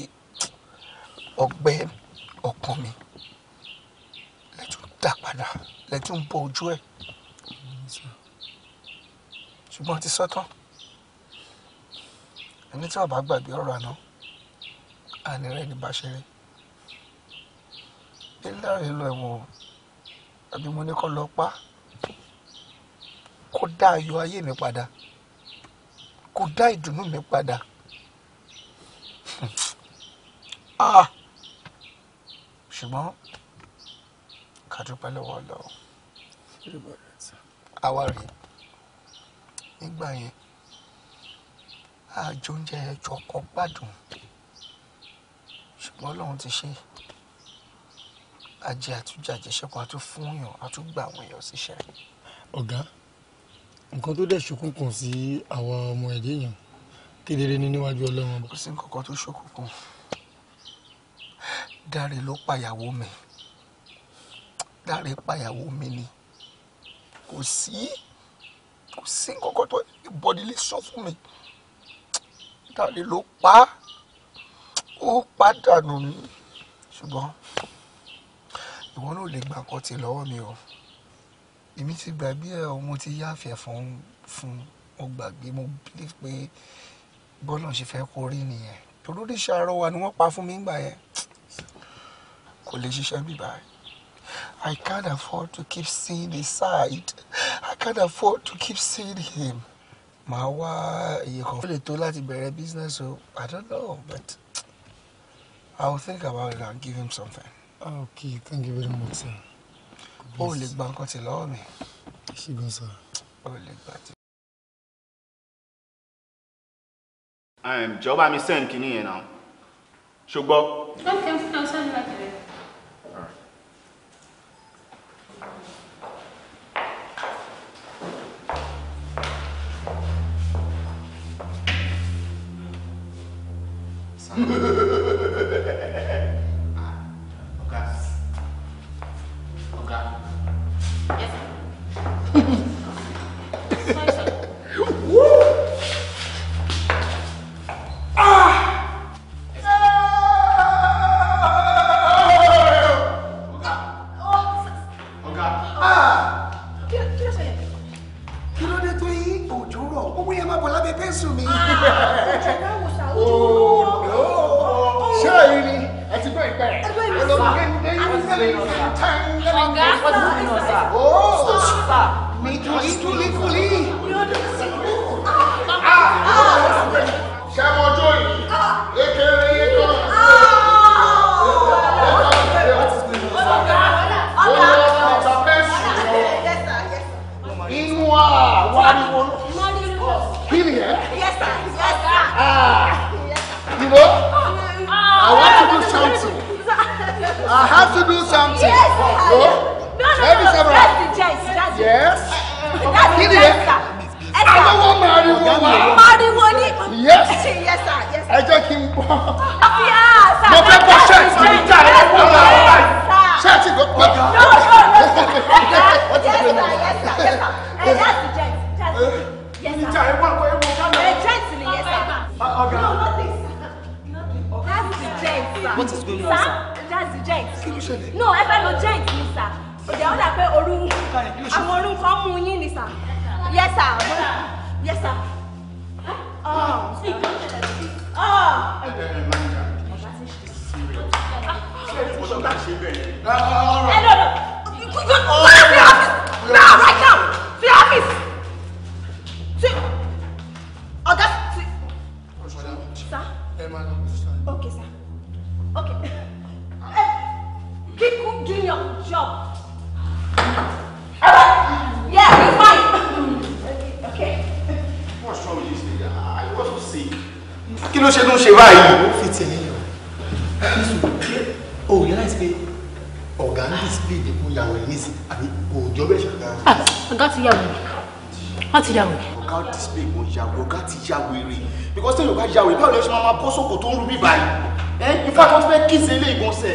ọgbẹ́ ọkàn mi lẹ́tún dà padà lẹ́tún bọ ojú ẹ̀ ṣùgbọ́n ti sọ́tàn. So ẹni tí ọba gbàgbé ọ̀rọ̀ àná àní rẹ ní bàṣẹrẹ bíláàrí lọ ẹ̀wọ̀n àbí mo ní kó lọ pa kó dá ayọ̀ ayé mi padà kó dá ìdùnnú mi padà [laughs] ah! ṣùgbọ́n ká dúpẹ́ lọ́wọ́ Ọlọ́run àwa rèé nígbà yẹn àjò oúnjẹ ẹjọ́ kan gbádùn ṣùgbọ́n Ọlọ́run ti ṣe àjẹ àtúnjẹ àjẹṣẹ́kù àtúnfúnyàn àtúngbà àwọn èèyàn síṣẹ́. ọ̀gá nǹkan tó dẹ̀ ṣokùnkùn sí àwa ọmọ ẹ̀dẹ́ èèyàn kedere ní níwájú Ọlọ́run ọba. kò sí nǹkan kan tó ṣokùnkùn Dáre ló pàyàwó mi Dáre pàyàwó mi ni kò sí kò sí nǹkan kan tó ìbọ̀dí lè sọ fún mi tàlẹ́ ló pa ó pàdánù mi ṣùgbọ́n ìwọ náà lè gbà kọ́ ti mi o èmi ti gbàgbé ẹ o ti yáfẹ́ fún fún mo gbàgbé mo believe pé bọ́lá ṣe fẹ́ kó nìyẹn olóríṣi arọ wa ni wọ́n pa fún mi ńgbà yẹn kò lè ṣiṣẹ́ bí báyìí I can't afford to keep seeing his side I can't afford to keep seeing him màá wá iye kan fún ètò láti bẹ̀rẹ̀ business o I don't know but I will think about it and give him something. okay thank you very much sir. o lè gba nǹkan tí lọ́wọ́ mi. ṣùgbọ́n sir. o lè gba tí. jọba mi send kinní yẹn náà ṣùgbọ́n. okay fún ọ sọ́ni láti rẹ̀. Ha ha ha! o realize pé ọ̀gá ń display ní kó yàwó ẹ̀ nísì àbí kò jọ bẹ́ẹ̀ ṣàgbá. Ah, ọ̀gá ti yàwó ẹ̀ wọ́n ti yàwó ẹ̀. ọ̀gá display kò yàwó ọ̀gá ti yàwó èrè because tẹ́lẹ̀ ọ̀gá yàwó ẹ̀ báwo ló ṣe máa bọ́ sóko tó ń rú bí báyìí ẹ̀ eh, in fact wọ́n ti fẹ́ kí ṣe ilé ìgbọ̀nsẹ̀.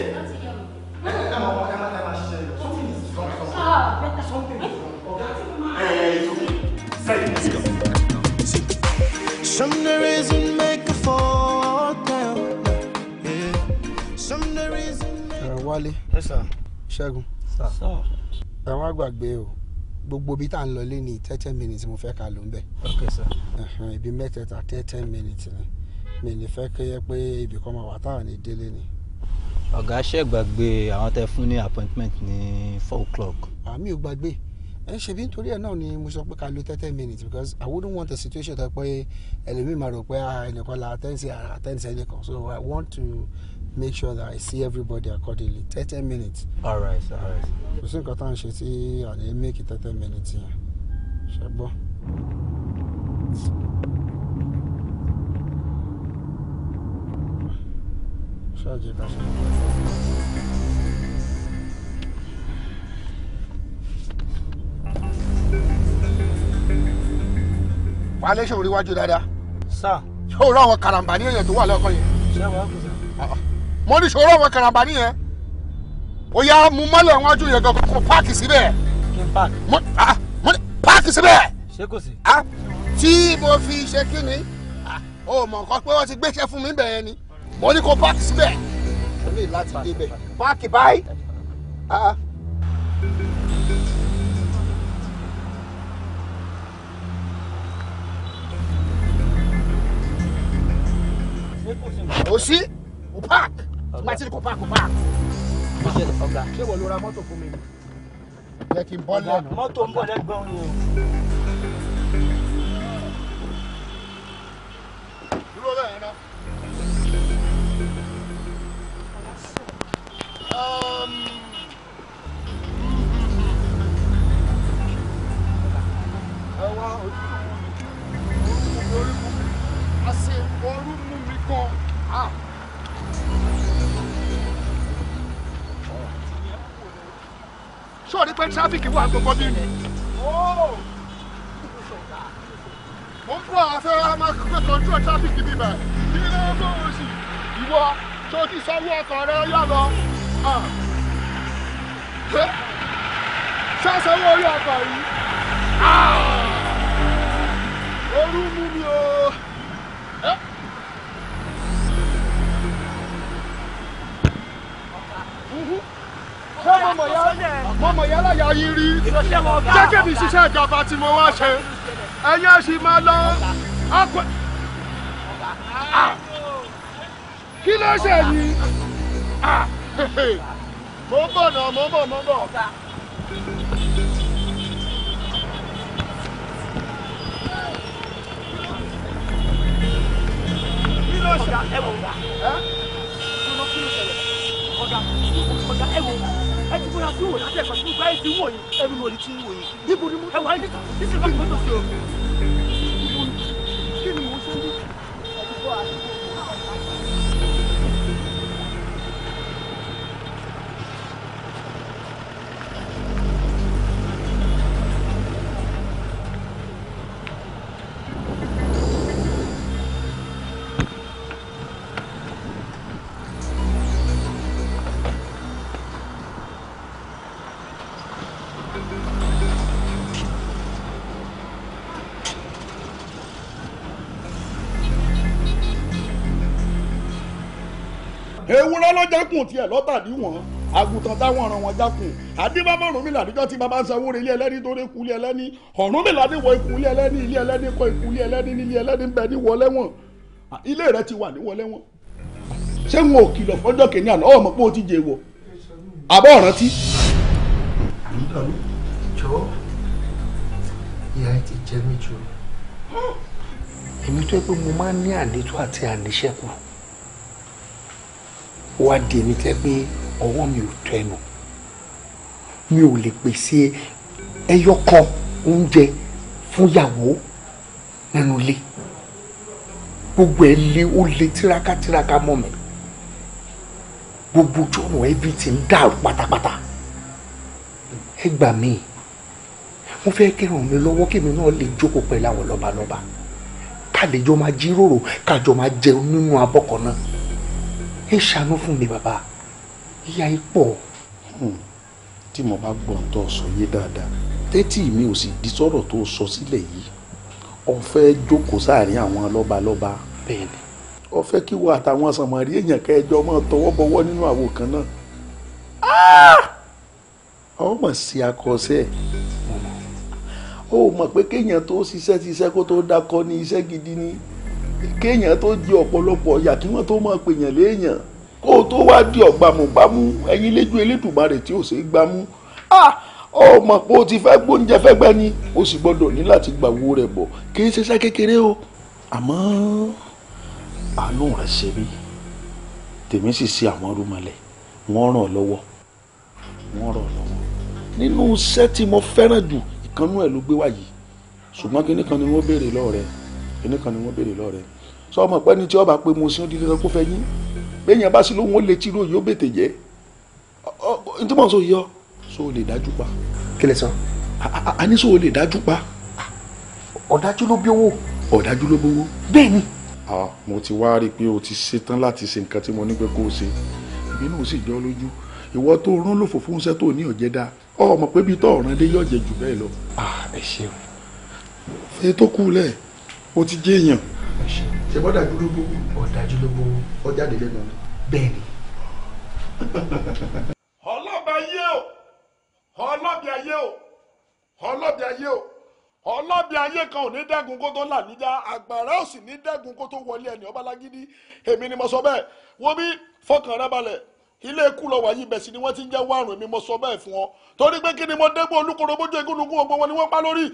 Some the reason Adéwálé Ṣẹ́gun ẹ wá gbàgbé o gbogbo bí tá à ń lọlé ní thirty minutes mo fẹ́ ká ló ń bẹ̀. ibi mẹ́tẹ̀ẹ̀ta thirty minutes ni mi ní fẹ́ kéye pé ibì kan máa wà tá à ní délé ni. ọ̀gá ṣe gbàgbé àwọn tẹ fún ní appointment ní four o'clock. àmì ò gbàgbé ẹ ṣe bí nítorí ẹ náà ni mo sọ pé ká lo thirty minutes because I wouldn't want a situation tó pé ẹlòmíì máa rò pé ah, ẹnìkan la ten sí ara ten sí ẹnìkan so I want to make sure that I see everybody accordingly. 30 minutes. All right, sir. All right. Kò sí nǹkan tá à ń ṣe tí à lè make it 30 minutes yẹn. Ṣé gbọ́? Ṣáàjì ká ṣe. Wàá lé ṣòro iwájú dáadáa. Sá. Ṣé o rọ àwọn karambà ní èèyàn tó wà lọ́kọ̀ yẹn? Ṣé wàá kù sá? Ah, ah mo ní ṣòro àwọn karamba nìyẹn ó yá mu mọ́lẹ̀ wájú yẹn gangan kó páàkì síbẹ̀. kí n páàkì. mo ní páàkì síbẹ̀. ṣé kò sí. tí mo fi ṣe kí ni o mọ̀ nǹkan pé wọ́n ti gbéṣẹ́ fún mi bẹ̀rẹ̀ ni mo ní kó páàkì síbẹ̀. mo ní láti débẹ̀ páàkì báyìí. kò sí o páàkì gba tí kò páàkì páàkì. ṣé wọ́n lo ra mọ́tò fún mi. jẹ́ kí n bọ́ lẹ́nu. mọ́tò ń bọ̀ lẹ́gbẹ̀ẹ́ òun o. dúró bẹ́ẹ̀ náà. ah sọ̀rí pé tráfíkì wà gbogbo bí mi. mo ń bọ̀ afẹ́rẹ́ máa pé kọ́ńtró tráfíkì bí bẹ̀ kí ló ń bọ̀ òsì ìwọ tó ti sanwó ọkọ̀ rẹ yá lọ. sẹ́sẹ̀ wo orí ọkọ̀ yìí. Ah! orú mú mi o. Mm-hmm mọ̀mọ̀yá láyà yín rí jẹ́kẹ̀mí ṣiṣẹ́ ìjọba tí mo wá ṣe ẹ̀yin ẹ̀sìn máa lọ ọ̀pẹ. kí ló ṣe yìí mo ń bọ̀ náà mo ń bọ̀ mo ń bọ̀. kí ló ṣe ọ̀gá ọ̀gá ẹ ẹ ti bóra sí wò láti ẹ̀kọ́ sí gbogbo ayé ti wò yìí ẹnu lòdì ti wò yìí níbo ni mo ẹ wà ní ìta ní sinimá kò sí o. kí ni mo ń bí ẹ ti àti bọ́. ọlọ́lọ́ jákùn tiẹ̀ lọ́tàdí wọn àgùntàn táwọn ọ̀ràn wọn jákùn àdébábọ̀ Ọ̀rúnmìlà níjọ́ tí bàbá ń sanwó re ilé ẹlẹ́ni tó dé ku ilé ẹlẹ́ni Ọ̀rúnmìlà dé wọ ikú ilé ẹlẹ́ni ilé ẹlẹ́ni kọ ikú ilé ẹlẹ́ni nílé ẹlẹ́ni bẹ ní wọlé wọn ilé rẹ ti wà ní wọlé wọn. ṣé wọn ò kìlọ̀ fọ́jọ́ kìíní àná ọmọ pé ó ti jẹ wọ àbọ̀ ọ̀ràn tí. jọ ìyá ti jẹ mí jù èmi tó yẹ pé mo máa ń ní àlejò àti àníṣẹ́kù ó wá di èmi tẹ́ pé ọwọ́ mi ò tó ẹnu mi ò lè pèsè ẹyọ kan oúnjẹ fún ìyàwó nínú ilé gbogbo ẹ lé ó lé tiraka tiraka mọ́ mi gbogbo jọ̀nù everything dàrú pátápátá ẹ gbà mí mo fẹ́ kẹ́ràn mi lọ́wọ́ kí èmi náà lè jókòó pẹ̀lú àwọn lọ́balọ́ba ká lè jọ máa jíròrò ká jọ máa jẹun nínú abọ́ kan náà ẹ ṣàánú fún mi bàbá ìyá yìí pọ̀. Hmm. tí mo bá gbọ́ ohun tó sọ yé dáadáa tẹ́tí mi ò sì di sọ̀rọ̀ tó sọ sílẹ̀ yìí ó fẹ́ jókòó sáàrin àwọn lọ́balọ́ba ó fẹ́ kí wọ́n àtàwọn sànmọ́rí èèyàn kẹjọ máa tọwọ́ bọwọ́ nínú àwo kan náà ọmọ ah! sí akọsẹ́ ó mọ̀ pé kéèyàn tó ṣiṣẹ́ ṣiṣẹ́ kó tó dákọ́ ní iṣẹ́ gidi ni. Ah! kéèyàn tó di ọ̀pọ̀lọpọ̀ ọ̀yà kí wọ́n tó máa pèèyàn léèyàn kó o tó wá di ọ̀gbàmùgbàmù ẹ̀yin lẹ́jọ́ elédùnmarè tí ò ṣe é gbámú ó mọ̀ pé o ti fẹ́ gbóúnjẹ fẹ́ gbẹ́ ni o sì gbọ́dọ̀ ní láti gbàwó rẹ̀ bọ̀ kì í ṣiṣẹ́ kékeré o àmọ́ àánú rẹ̀ ṣe mí tèmi sì ṣe àwọn rúmọlẹ̀ wọ́n ràn lọ́wọ́ wọ́n ràn lọ́wọ́ nínú iṣẹ́ tí mo fẹ́ràn jù ìkànnú ẹ̀ ló gbé wá yìí ṣùgbọ́n kíní kan ni wọ́n béèrè lọ́ọ̀rẹ́ kíní kan ni wọ́n béèrè lọ́rẹ̀ sọ ọmọ pẹ́ ni tí ọba pé mo sin ó di dandan kó fẹ́ yín bẹ́ẹ̀yàn bá sí lóhun ó lè tìrú òyìn ó bètè jẹ́ n tí mò ń sọ yọ so o lè dájú pa. kí lẹ a ní so o lè dájú pa. ọ̀dájú ló bí owó. ọ̀dájú ló bí owó. bẹ́ẹ̀ ni. mo ti wá rí i pé o ti ṣetán láti ṣe nǹkan tí mo ní pé kó o ṣe ìbí náà sì jọ lójú ìwọ tó rán lòfò fún iṣẹ́ tó ní ọ̀jẹ̀ dáa ọmọ pé bí tọ́ ọ̀ràn dé yọ̀jẹ̀ jù bẹ́ẹ̀ lọ. Ah, ẹ ṣeun. ètò kú o ti jẹ́ èèyàn. ṣe bọ́dà dúró gbogbo. ọ̀dájú ló gbogbo. ọjà délé náà. bẹ́ẹ̀ni. ọlọ́ba ayé o ọlọ́bi ayé o ọlọ́bi ayé o ọlọ́bi ayé kan ò ní dẹ́gun kó tó là níjà àgbàrá ò sì ní dẹ́gun kó tó wọlé ẹni ọba lágídí èmi ni mo sọ bẹ́ẹ̀ wo bí fọkàn balẹ̀ ilé ikú lọ wàyí ibẹ̀ sì ni wọ́n ti ń jẹ́ wárùn èmi mo sọ bẹ́ẹ̀ fún ọ torí pé kí ni mo dégbò olúkoro bójú egúnugún gbogbo wọn ni wọ́n pa lórí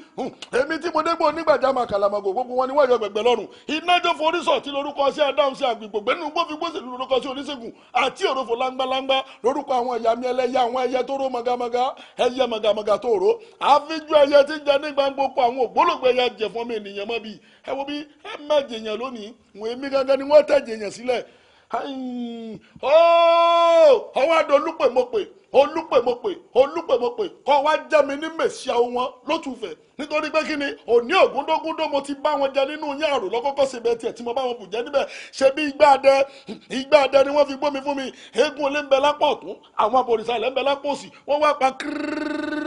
èmi tí mo dégbò nígbàjámà kàlàmàgò gbogbo wọn ni wọ́n yọ gbẹ̀gbẹ̀ lọ́rùn inájọ́ forísọ̀ tí lórúkọ sí adáhùn sí àgbègbè gbẹ́nu gbófi gbósè lórúkọ sí oníṣègùn àti òròfò láńgbáláńgbá lórúkọ àwọn ẹ̀yà mi ẹlẹ́yà àwọn ẹyẹ tó ró magamaga ẹyẹ magamaga tó ró àfijọ́ ẹyẹ tí ń jẹ nígbà gbogbo àwọn ni wọ́n tẹ̀ jèèyàn Oh! ọwọ́ adé olúpèmọ́pè olúpèmọ́pè olúpèmọ́pè kọ́ wá jẹ́ mi ní mèsì àwọn wọn lótùfẹ́ nítorí pé kí ni òní ògúndógúndó mo ti bá wọn jẹ nínú yín àrò lọ́kọ́kọ́ síbẹ̀ tiẹ̀ tí mo bá wọn bù jẹ́ níbẹ̀ ṣe bí igbá adẹ igbá adẹ ni wọ́n fi gbómi fún mi eégún olé ń bẹ lápọ̀ ọ̀tún àwọn abòrìṣà ilẹ̀ ń bẹ lápọ̀ òsì wọ́n wá pa kírírírí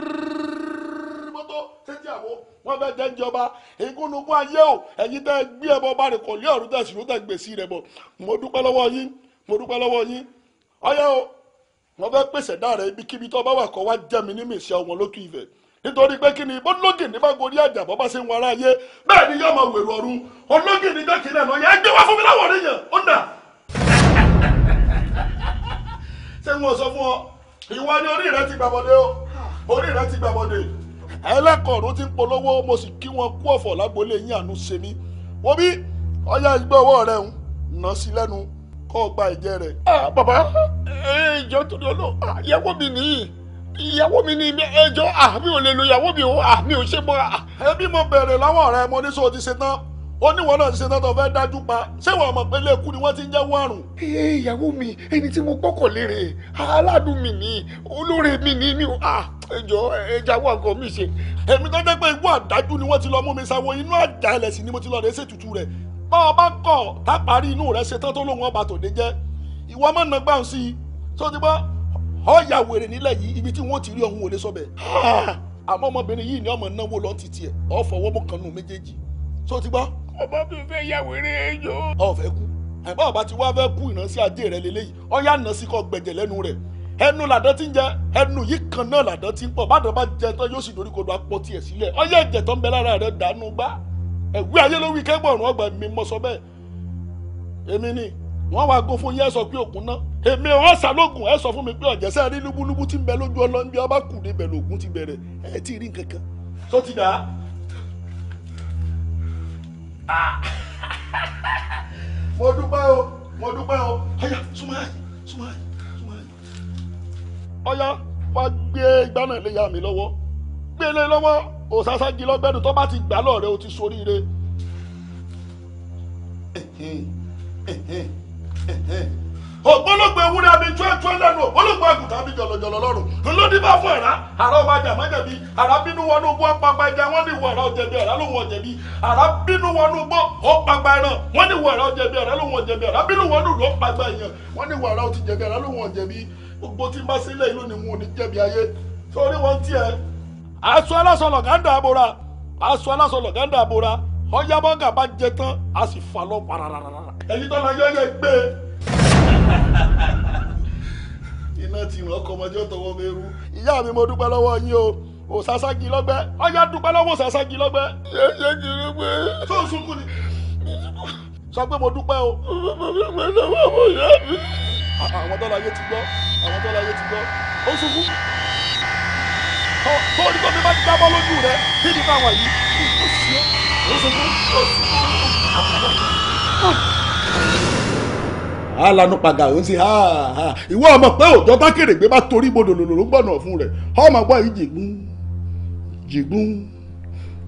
sétíàwó wọ́n fẹ́ jẹ́ ìjọba ìgúnnugún ayé o ẹ̀yin tẹ́ gbé ẹbọ bá rẹ̀ kọ̀ lé ọ̀run tẹ̀ sùn tẹ̀ gbèsè rẹ̀ bọ̀ mo dúpẹ́ lọ́wọ́ yín mo dúpẹ́ lọ́wọ́ yín ọyẹ́ o wọ́n fẹ́ pèsè dáàrẹ̀ ibikíbi tó bá wà kọ́ wá jẹ́ ní mèsì ọmọ lókè ìfẹ́ nítorí pé kí ni ìbọn lógì ní bá gorí àjà bọ́ bá ṣe ń wọ aráyé bẹ́ẹ̀ ni yóò máa wèrò ọ̀run ológì ní jẹ́ kílẹ̀ náà yẹ ẹ wá fún mi láwọ̀ rẹ̀ yẹn ó nà. [laughs] ṣé wọn sọ fún ọ ìwọ ni orí rẹ ti gbàbọdé o orí rẹ ti gbàbọdé ẹlẹ́kọ̀ọ́rọ́ ti ń polówó mo sì kí wọn kú ọ̀fọ̀ lágbolé yín àánú ṣe mí wọ́n bí ọyá ìgbẹ́ ọwọ́ rẹ̀ ń nà sí lẹ́nu kọ́ ọ gba ẹ̀jẹ̀ rẹ̀. Ah, bàbá ìjọ tó lọ lọ ìyàwó mi nìyí ìyàwó mi ní ẹjọ́ àmì ah, ò lè lo ìyàwó mi ò àmì ah, ò ṣe mọ́. ẹbí mo bẹ̀rẹ̀ láwọn ọ̀rẹ́ mo ní sọ ti ṣe tán ó ní wọn náà ṣe tọ́tọ̀ fẹ́ dájú pa ṣé wọn mọ̀ pé lẹ́kù ni wọ́n ti ń jẹ́wọ́ àrùn. ee ìyàwó mi ẹni tí mo gbọ́kànlé rẹ̀ aládùn mi ni olóore mi ni mi ò ẹjọ ẹja wà nǹkan mi ṣe. èmi tó jẹ́ pé igbó àdájú ni wọ́n ti lọ mú mi sáwọ inú àjà ẹlẹ́sìn ni mo ti lọ rẹ̀ ṣètùtù rẹ̀ bá ọ bá kọ̀ tá parí inú rẹ̀ ṣe tán tó lóun ọba tòde jẹ́ ìwọ mọ̀ nà gbà sí i tó ti bọ́ ọ̀yà wèrè nílẹ̀ yìí ibi tí wọ́n ti rí ọ̀hún òde sọ́bẹ̀ àmọ́ ọmọbìnrin yìí ni ọmọ náwó lọ́ọ́ ti tiẹ̀ ọ̀ fọwọ́ mọ́ kan nù méjèèjì tó ti gbọ́ ọmọ mi fẹ́ ya wèrè yó. ọ kú àìbá ọba tí wàá fẹ́ kú ìránṣẹ́ ajé rẹ lélẹ́yìí ọyá nà sí kọ́ gbẹ̀jẹ̀ lẹ́nu rẹ̀ ẹnu làdán ti ń jẹ ẹnu yìí kan náà làdán ti ń pọ̀ bàdàn bá jẹ tán yóò sì dorí kodò apọ̀ tiẹ̀ sílẹ̀ ọyá ẹ̀jẹ̀ tó ń bẹ lára rẹ̀ dànù gbá ẹ̀wí ayé ló wí kẹ́gbọ̀n ọgbà mi mọ sọ bẹ́ẹ̀ èmi ni wọ́n wá gofó yẹ́ sọ pé òkun náà èmi wọn ṣàlógún ẹ sọ fún mi pé ọ̀jẹ̀sẹ̀ rí lúbúlúbú ti ń bẹ lójú ọlọ́ńbí ọba kùdé bẹ̀rẹ̀ ògún ti bẹ̀rẹ̀ ẹ ti rí nǹkan tó ti dà á. Ah. [laughs] mo dúpẹ́ o mo dúpẹ́ o ọ̀yá súnmọ́ ẹ̀ súnmọ́ ẹ̀ súnmọ́ ẹ̀. ọ̀yá wàá gbé igbá náà léyà mi lọ́wọ́ gbé lé lọ́wọ́ òsásági lọ́gbẹ́nu tó bá ti gbà lọ́ọ̀rẹ́ o ti soríire. ẹ̀hìn eh, ẹ̀hìn eh, ẹ̀hìn. Eh, ògbólógbò ewúrẹ́ àbí tíwẹ́tíwẹ́ lẹ́nu ògbólógbò àgùntàn àbí jọ̀lọ̀jọ̀lọ̀ lọ́rùn ńlọ́dí bá fún ẹ̀rá àrà ọba jàmájàbí àrà bínú wọnú gbọ́ pàpà ẹja wọ́n ní ìwọ ẹ̀rá ọ̀jẹ̀bí ẹ̀rá ló wọ̀n jẹ̀bí àrà bínú wọnú gbọ́ ó pàpà ẹran wọ́n ní ìwọ ẹ̀rá ọ̀jẹ̀bí ẹ̀rá ló wọ̀n jẹ̀bí àrà bínú wọnú ló pàpà ẹ̀yàn wọ́n ní ìwọ ẹ̀rá ọ̀jẹ̀bí ẹ̀rá ló wọ̀n jẹ̀bí gbogbo tí n bá sílẹ̀ ìlú ni wọn ò ní jẹ̀bi ayé sórí wọn tiẹ̀. aṣọ aláṣọ lọ̀gáńdà àbúra aṣọ aláṣọ lọ̀gáńdà àbúra ọyábọ́gà bá jẹ tán a sì fà lọ pararara. ẹ̀yin tó la yẹ́yẹ́ iná ti ràn ọkọ ọmọdé ọtọwọ mẹrù ìyá mi mo dúpẹ́ lọ́wọ́ yín o òsàsági lọ́gbẹ́ ọyá dúpẹ́ lọ́wọ́ òsàsági lọ́gbẹ́. òsàsági lọ́gbẹ́. tó o sunkún ni. sọ pé mo dúpẹ́ o. mo dúpẹ́ lọ́wọ́ ìyá mi. àwọn tó láyé ti gbọ́ àwọn tó láyé ti gbọ́ ó sunkún. tó o ní kó mi bá gbá bọ́ lójú rẹ kí ni káwọn yìí. ó sunkún ó sunkún ó sunkún á lanu pàgà ó sì háà ìwọ ọmọ pé òjọ tákèrè gbé bá torí bodò lòlò ló gbọ̀nà fún rẹ̀ ọmọ gbọ́ yìí jìgún jìgún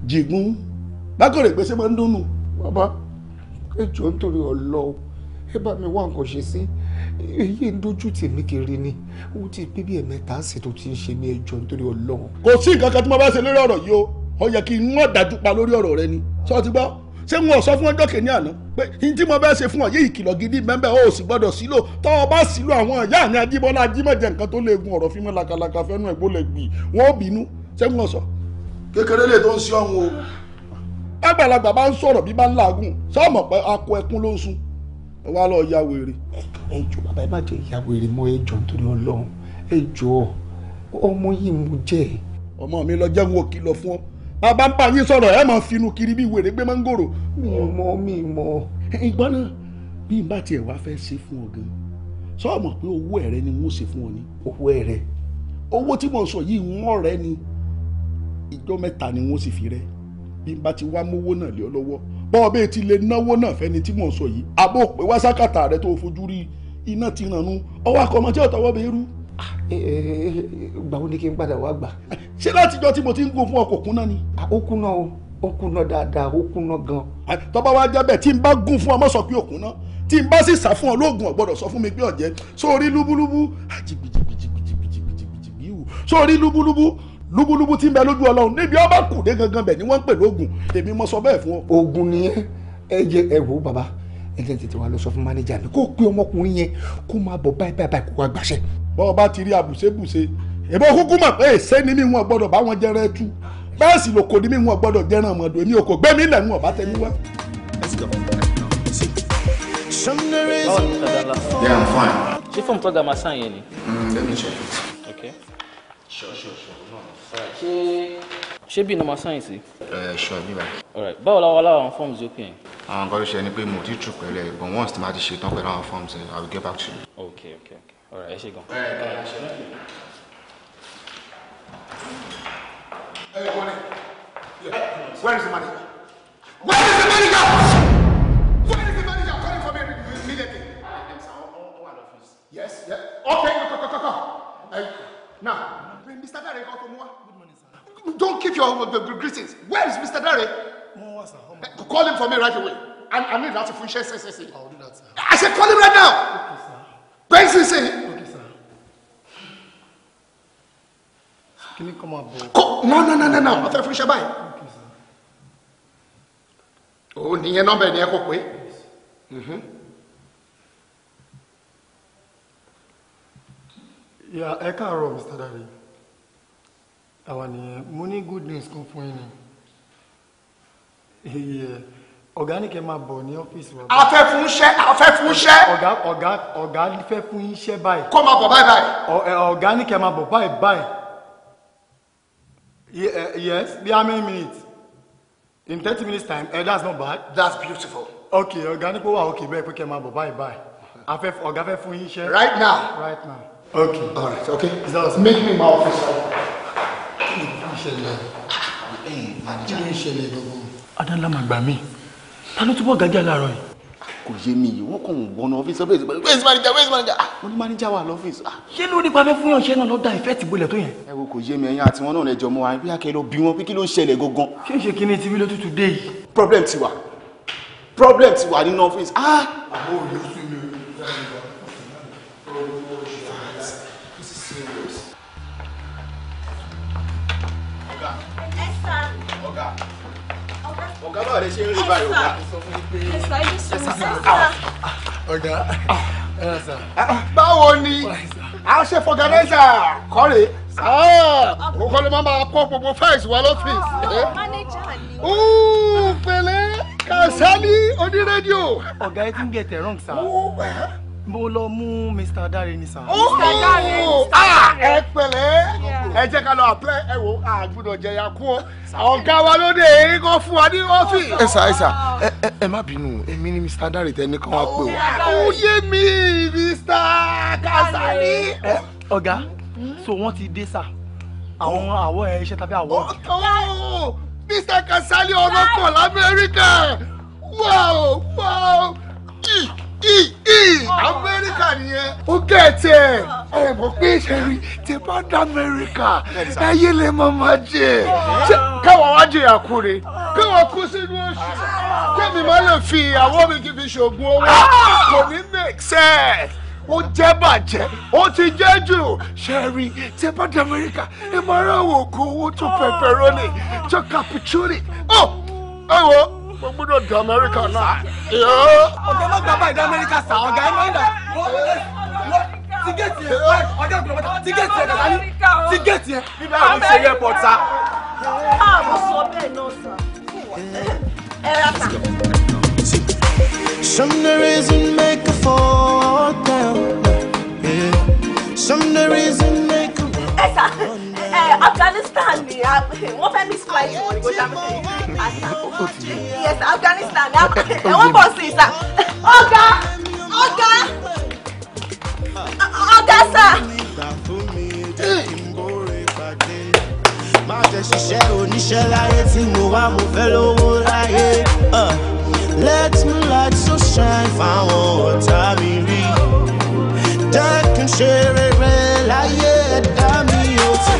jìgún bákèrè gbé sí máa ń dúnnù. bàbá ẹjọ́ nítorí ọlọ́ọ̀ ẹ bá mi wá nǹkan ṣe sí èyí ń dojú tèmi kiri ni ó ti pé bí ẹ̀mẹ́ta sì tó ti ń ṣe ní ẹjọ́ nítorí ọlọ́ọ̀. kò sí nǹkan kan tí mo bá ṣe lórí ọ̀rọ̀ yìí o ó yẹ kí n wọ́n dájú pa lórí ọ̀rọ̀ rẹ ni ṣé o ti gbọ́ ṣé wọn ò sọ fún ọjọ́ kìíní àná pé ní tí mo bẹ́ẹ̀ ṣe fún ọ yé ìkìlọ̀ gidi bẹ́ẹ̀ ó sì gbọ́dọ̀ sílò tọ́ ọ bá sílò àwọn ìyá mi ajíbọ́lá ajímọ̀jẹ̀ nǹkan tó lè gun ọ̀rọ̀ fímọ́ lakalaka fẹ́nu ẹ̀gbó lè gbì wọ́n bínú ṣé wọn sọ. kékeré lè tó ń sí ọ̀hún o. àgbàlagbà bá ń sọ̀rọ̀ bí bá ń làágùn sọ́ọ̀mọ̀ pé akọ ẹkún ló ń sun wá lọ ya wèrè. ẹ jọ bàbá ẹ má jẹ ìyá wèrè mọ ẹ jọ nítorí Ọlọ́run ẹ jọ ọmọ yìí mo jẹ. ọmọ mi lọ jẹun òkìlọ̀ fún ọ bàbá ń bá yín sọ̀rọ̀ ẹ máa finú kiri bí wèrè gbé mángòrò. mi ò mọ mi mọ. ìgbọ́n náà bí n bá tiẹ̀ wá fẹ́ ṣe fún ọ gan sọ mọ̀ pé owó ẹ̀rẹ́ ni wọ́n ṣe fún ọ ní. owó ẹ̀rẹ́. owó tí mò ń sọ yìí wọ́n rẹ ni ìjọ mẹ́ta ni wọ́n sì fi rẹ bí n bá ti wá mówó náà lé ọ lọ́wọ́ bọ́ọ̀ bẹ́ẹ̀ ti lè náwó náà fẹ́ni tí mò ń sọ yìí àbó pé wá sákàtà rẹ tó fojú rí iná ti rànú ọwọ́ akọ́mọdé gbà ó ní kí n padà wá gbà. ṣé látijọ́ tí mo ti ń gún fún ọkọ̀ kúnná ni. Ah, ó kúnná o ó kúnná dáadáa ó kúnná gan. Ah, tọ́ba wa jábẹ̀ tí n bá gún fún ọmọ sọ pé òkúnná tí n bá sì sá fún ọ lóògùn ọ̀gbọ́dọ̀ sọ fún mi pé ọ̀jẹ́ sórí lúbúlúbú jìgbìjìgbìjìgbìjìgbìjìgbìjìgbì wù sórí lúbúlúbú lúbúlúbú tí ń bẹ lójú Ọlọ́run níbi ọba kù dé gangan bẹ̀ ni wọ́n ń pè lóògùn èmi mo sọ bẹ́ẹ̀ fún ọ. oògùn nìyẹn ẹ jẹ ẹ wò bàbá ẹjẹ tètè wa lọ sọ fún mánéjà mi kó pe ọmọkùnrin yẹn kó máa bọ̀ báyìí báyìí báyìí kó wá gbàṣẹ. bọ́ọ̀ bá ti rí àbùsébùsé èmi kúkú mọ̀ pé sẹ́ni mi wọn gbọ́dọ̀ bá wọn jẹrẹ tú bẹ́ẹ̀ sì lòkò ní mi wọn gbọ́dọ̀ jẹrẹ ọmọdé èmi òkò gbẹ́mí ilẹ̀ ń wọ̀ wá. Yeah, I'm fine. ṣé fọ́ọ̀mù tó ga máa sàn ni. Mm, let me check Okay. Sure, sure, sure ṣé bí normal science. ẹ ṣọ bí wa. alright báwo la wà láwọn forms yóò pè é. àwọn nǹkan tó ṣe ni pé mo ti tù pẹ̀lú ẹ̀ but once tí ma ti ṣe tán pẹ̀lú àwọn forms ẹ̀ i will get back to you. okay okay okay alright ẹ ṣe gan. where is the manager. where is the manager. where is the manager calling for me immediately. yes yes okay come come come now Mr. Dare kọ́ tó mú don't keep your greetings. Where is Mr. Dare? No, call him for me right away. I, I need that if we share CCC. I'll do that, sir. I said call him right now. Okay, sir. Where is Okay, sir. Can you come up, bro? No, no, no, no, no. I thought we should buy. Okay, sir. Oh, nìyẹn nọ́mbà ẹni ẹ kò mm-hmm. Yeah, ẹ káàárọ̀, Mr. Dare àwọn nìyẹn mo ní good news kan fún yín ni ọ̀gá ní kẹ́ máa bọ̀ ní ọ́fíìsì wa. a fẹ́ fún iṣẹ́ a fẹ́ fún iṣẹ́. ọ̀gá ọ̀gá ọ̀gá fẹ́ fún iṣẹ́ báyìí. kó máa bọ̀ báyìí báyìí. ọ̀gá máa bọ̀ báyìí báyìí. yes be how many minutes in thirty minutes time eh, that's not bad. that's beautiful. okay ọ̀gá ní wà okay bẹ́ẹ̀ pé kẹ́ máa bọ̀ báyìí báyìí. a fẹ́ ọ̀gá fẹ́ fún iṣẹ́. right now. right now. okay all right okay. make me my officer ṣẹlẹ̀ kí ló ń ṣẹlẹ̀ gbogbo. adala máa gbà mí ta ló túbọ̀ gájà láàárọ̀ yìí. kò yé mi yìí wọ́n kàn ń wọnú ọ́fíìsì ọ́fíìsì where is manager where is manager ah, wọ́n ní manager wà lọ́fíìsì. Ah. ṣé ló nípa fẹ́ fún yàn ṣẹ́ náà lọ́dà ìfẹ́ ti gbolẹ̀ tó yẹn. ẹ wo kò yé mi ẹ̀yin àti wọn náà lẹjọ mọ wa bí akẹ́ lọ bí wọn pé kí ló ń ṣẹlẹ̀ gangan. ṣé ìṣe kíní ti wílé tútù dé yìí. problem ti wà problem ti wà nínú ọ́fíìsì. àwọn òye sùn mi ò ọ̀gá báwo lè ṣe ń rí báyìí ọ̀gá. Ah, ọ̀gá báwo ni a ṣe fọgànẹ́sà kọ́rè ah, o kọ́ ló máa máa kó gbogbo fáìsì wa lọ́fíìsì. pẹ̀lẹ́ ah, eh? Kasali oní rédíò. ọ̀gá ẹ ti ń gẹ̀tẹ̀ wrong mo lọ mú mr dare ní sàn. mr dare ah, ẹ pẹ̀lẹ́ ẹ jẹ́ ká lọ apply ẹ wo àgbọ́dọ̀ jẹyà kú ọ ọ̀gá wa ló dé èyí kan fún wa ní ọ́fíìsì. ẹ sà ẹ sà ẹ má bínú èmi ni mr dare tẹni kan wá pè wá. ó mi mr Kasali. ọ̀gá so wọ́n ti dé sà àwọn àwọ̀ ẹ̀ iṣẹ́ tàbí àwọ̀. mr Kasali ọlọ́kọ̀ lamẹ́ríkà wow wow amẹ́ríkà nìyẹn ó kẹ́ẹ̀tì ẹ̀ ẹ̀ mọ̀ pé ìṣẹ̀rí tẹ bá dá amẹ́ríkà ayé lè má má jẹ káwọn wá jẹ àkúrẹ́ káwọn kú sínú oṣù kẹ́mi má lè fi ìyàwó mi kí fi ṣoògùn owó kò ní make sense ó jẹ́ bàjẹ́ ó ti jẹ́ jù ṣẹ́rí tí ẹ bá dé amẹ́ríkà ẹ máa ra àwọn oògùn owó tó pẹpẹrónì tó capitulate. Oh, ẹ wo mo gbọ́dọ̀ dé amẹ́ríkà náà. ọ̀gá má gbà báyìí amẹ́ríkà sà ọ̀gá ẹ̀ máa ń dà tígẹ́ẹ̀tì ẹ̀ ọ̀gá ìgbìmọ̀ ẹ̀ kàtàní tígẹ́ẹ̀tì ẹ̀. ṣe yẹ pọ̀ ta. Some the reason make a fall down. Yeah. Some the reason make a run. Eh, Afghanistan ni ah, wọ́n fẹ́ miss flight wọn ni kò dá mi tẹ̀lé yes Afghanistan ni ah, eh, wọ́n bọ̀ sí ìta ọ̀gá ọ̀gá ọ̀gá sà. má jẹ́ ṣiṣẹ́ oníṣẹ́ láyé tí mo wá mo fẹ́ lówó láyé uh, let me light so shine fáwọn ọ̀tá mi rí jẹ́ kí n ṣe rere láyé.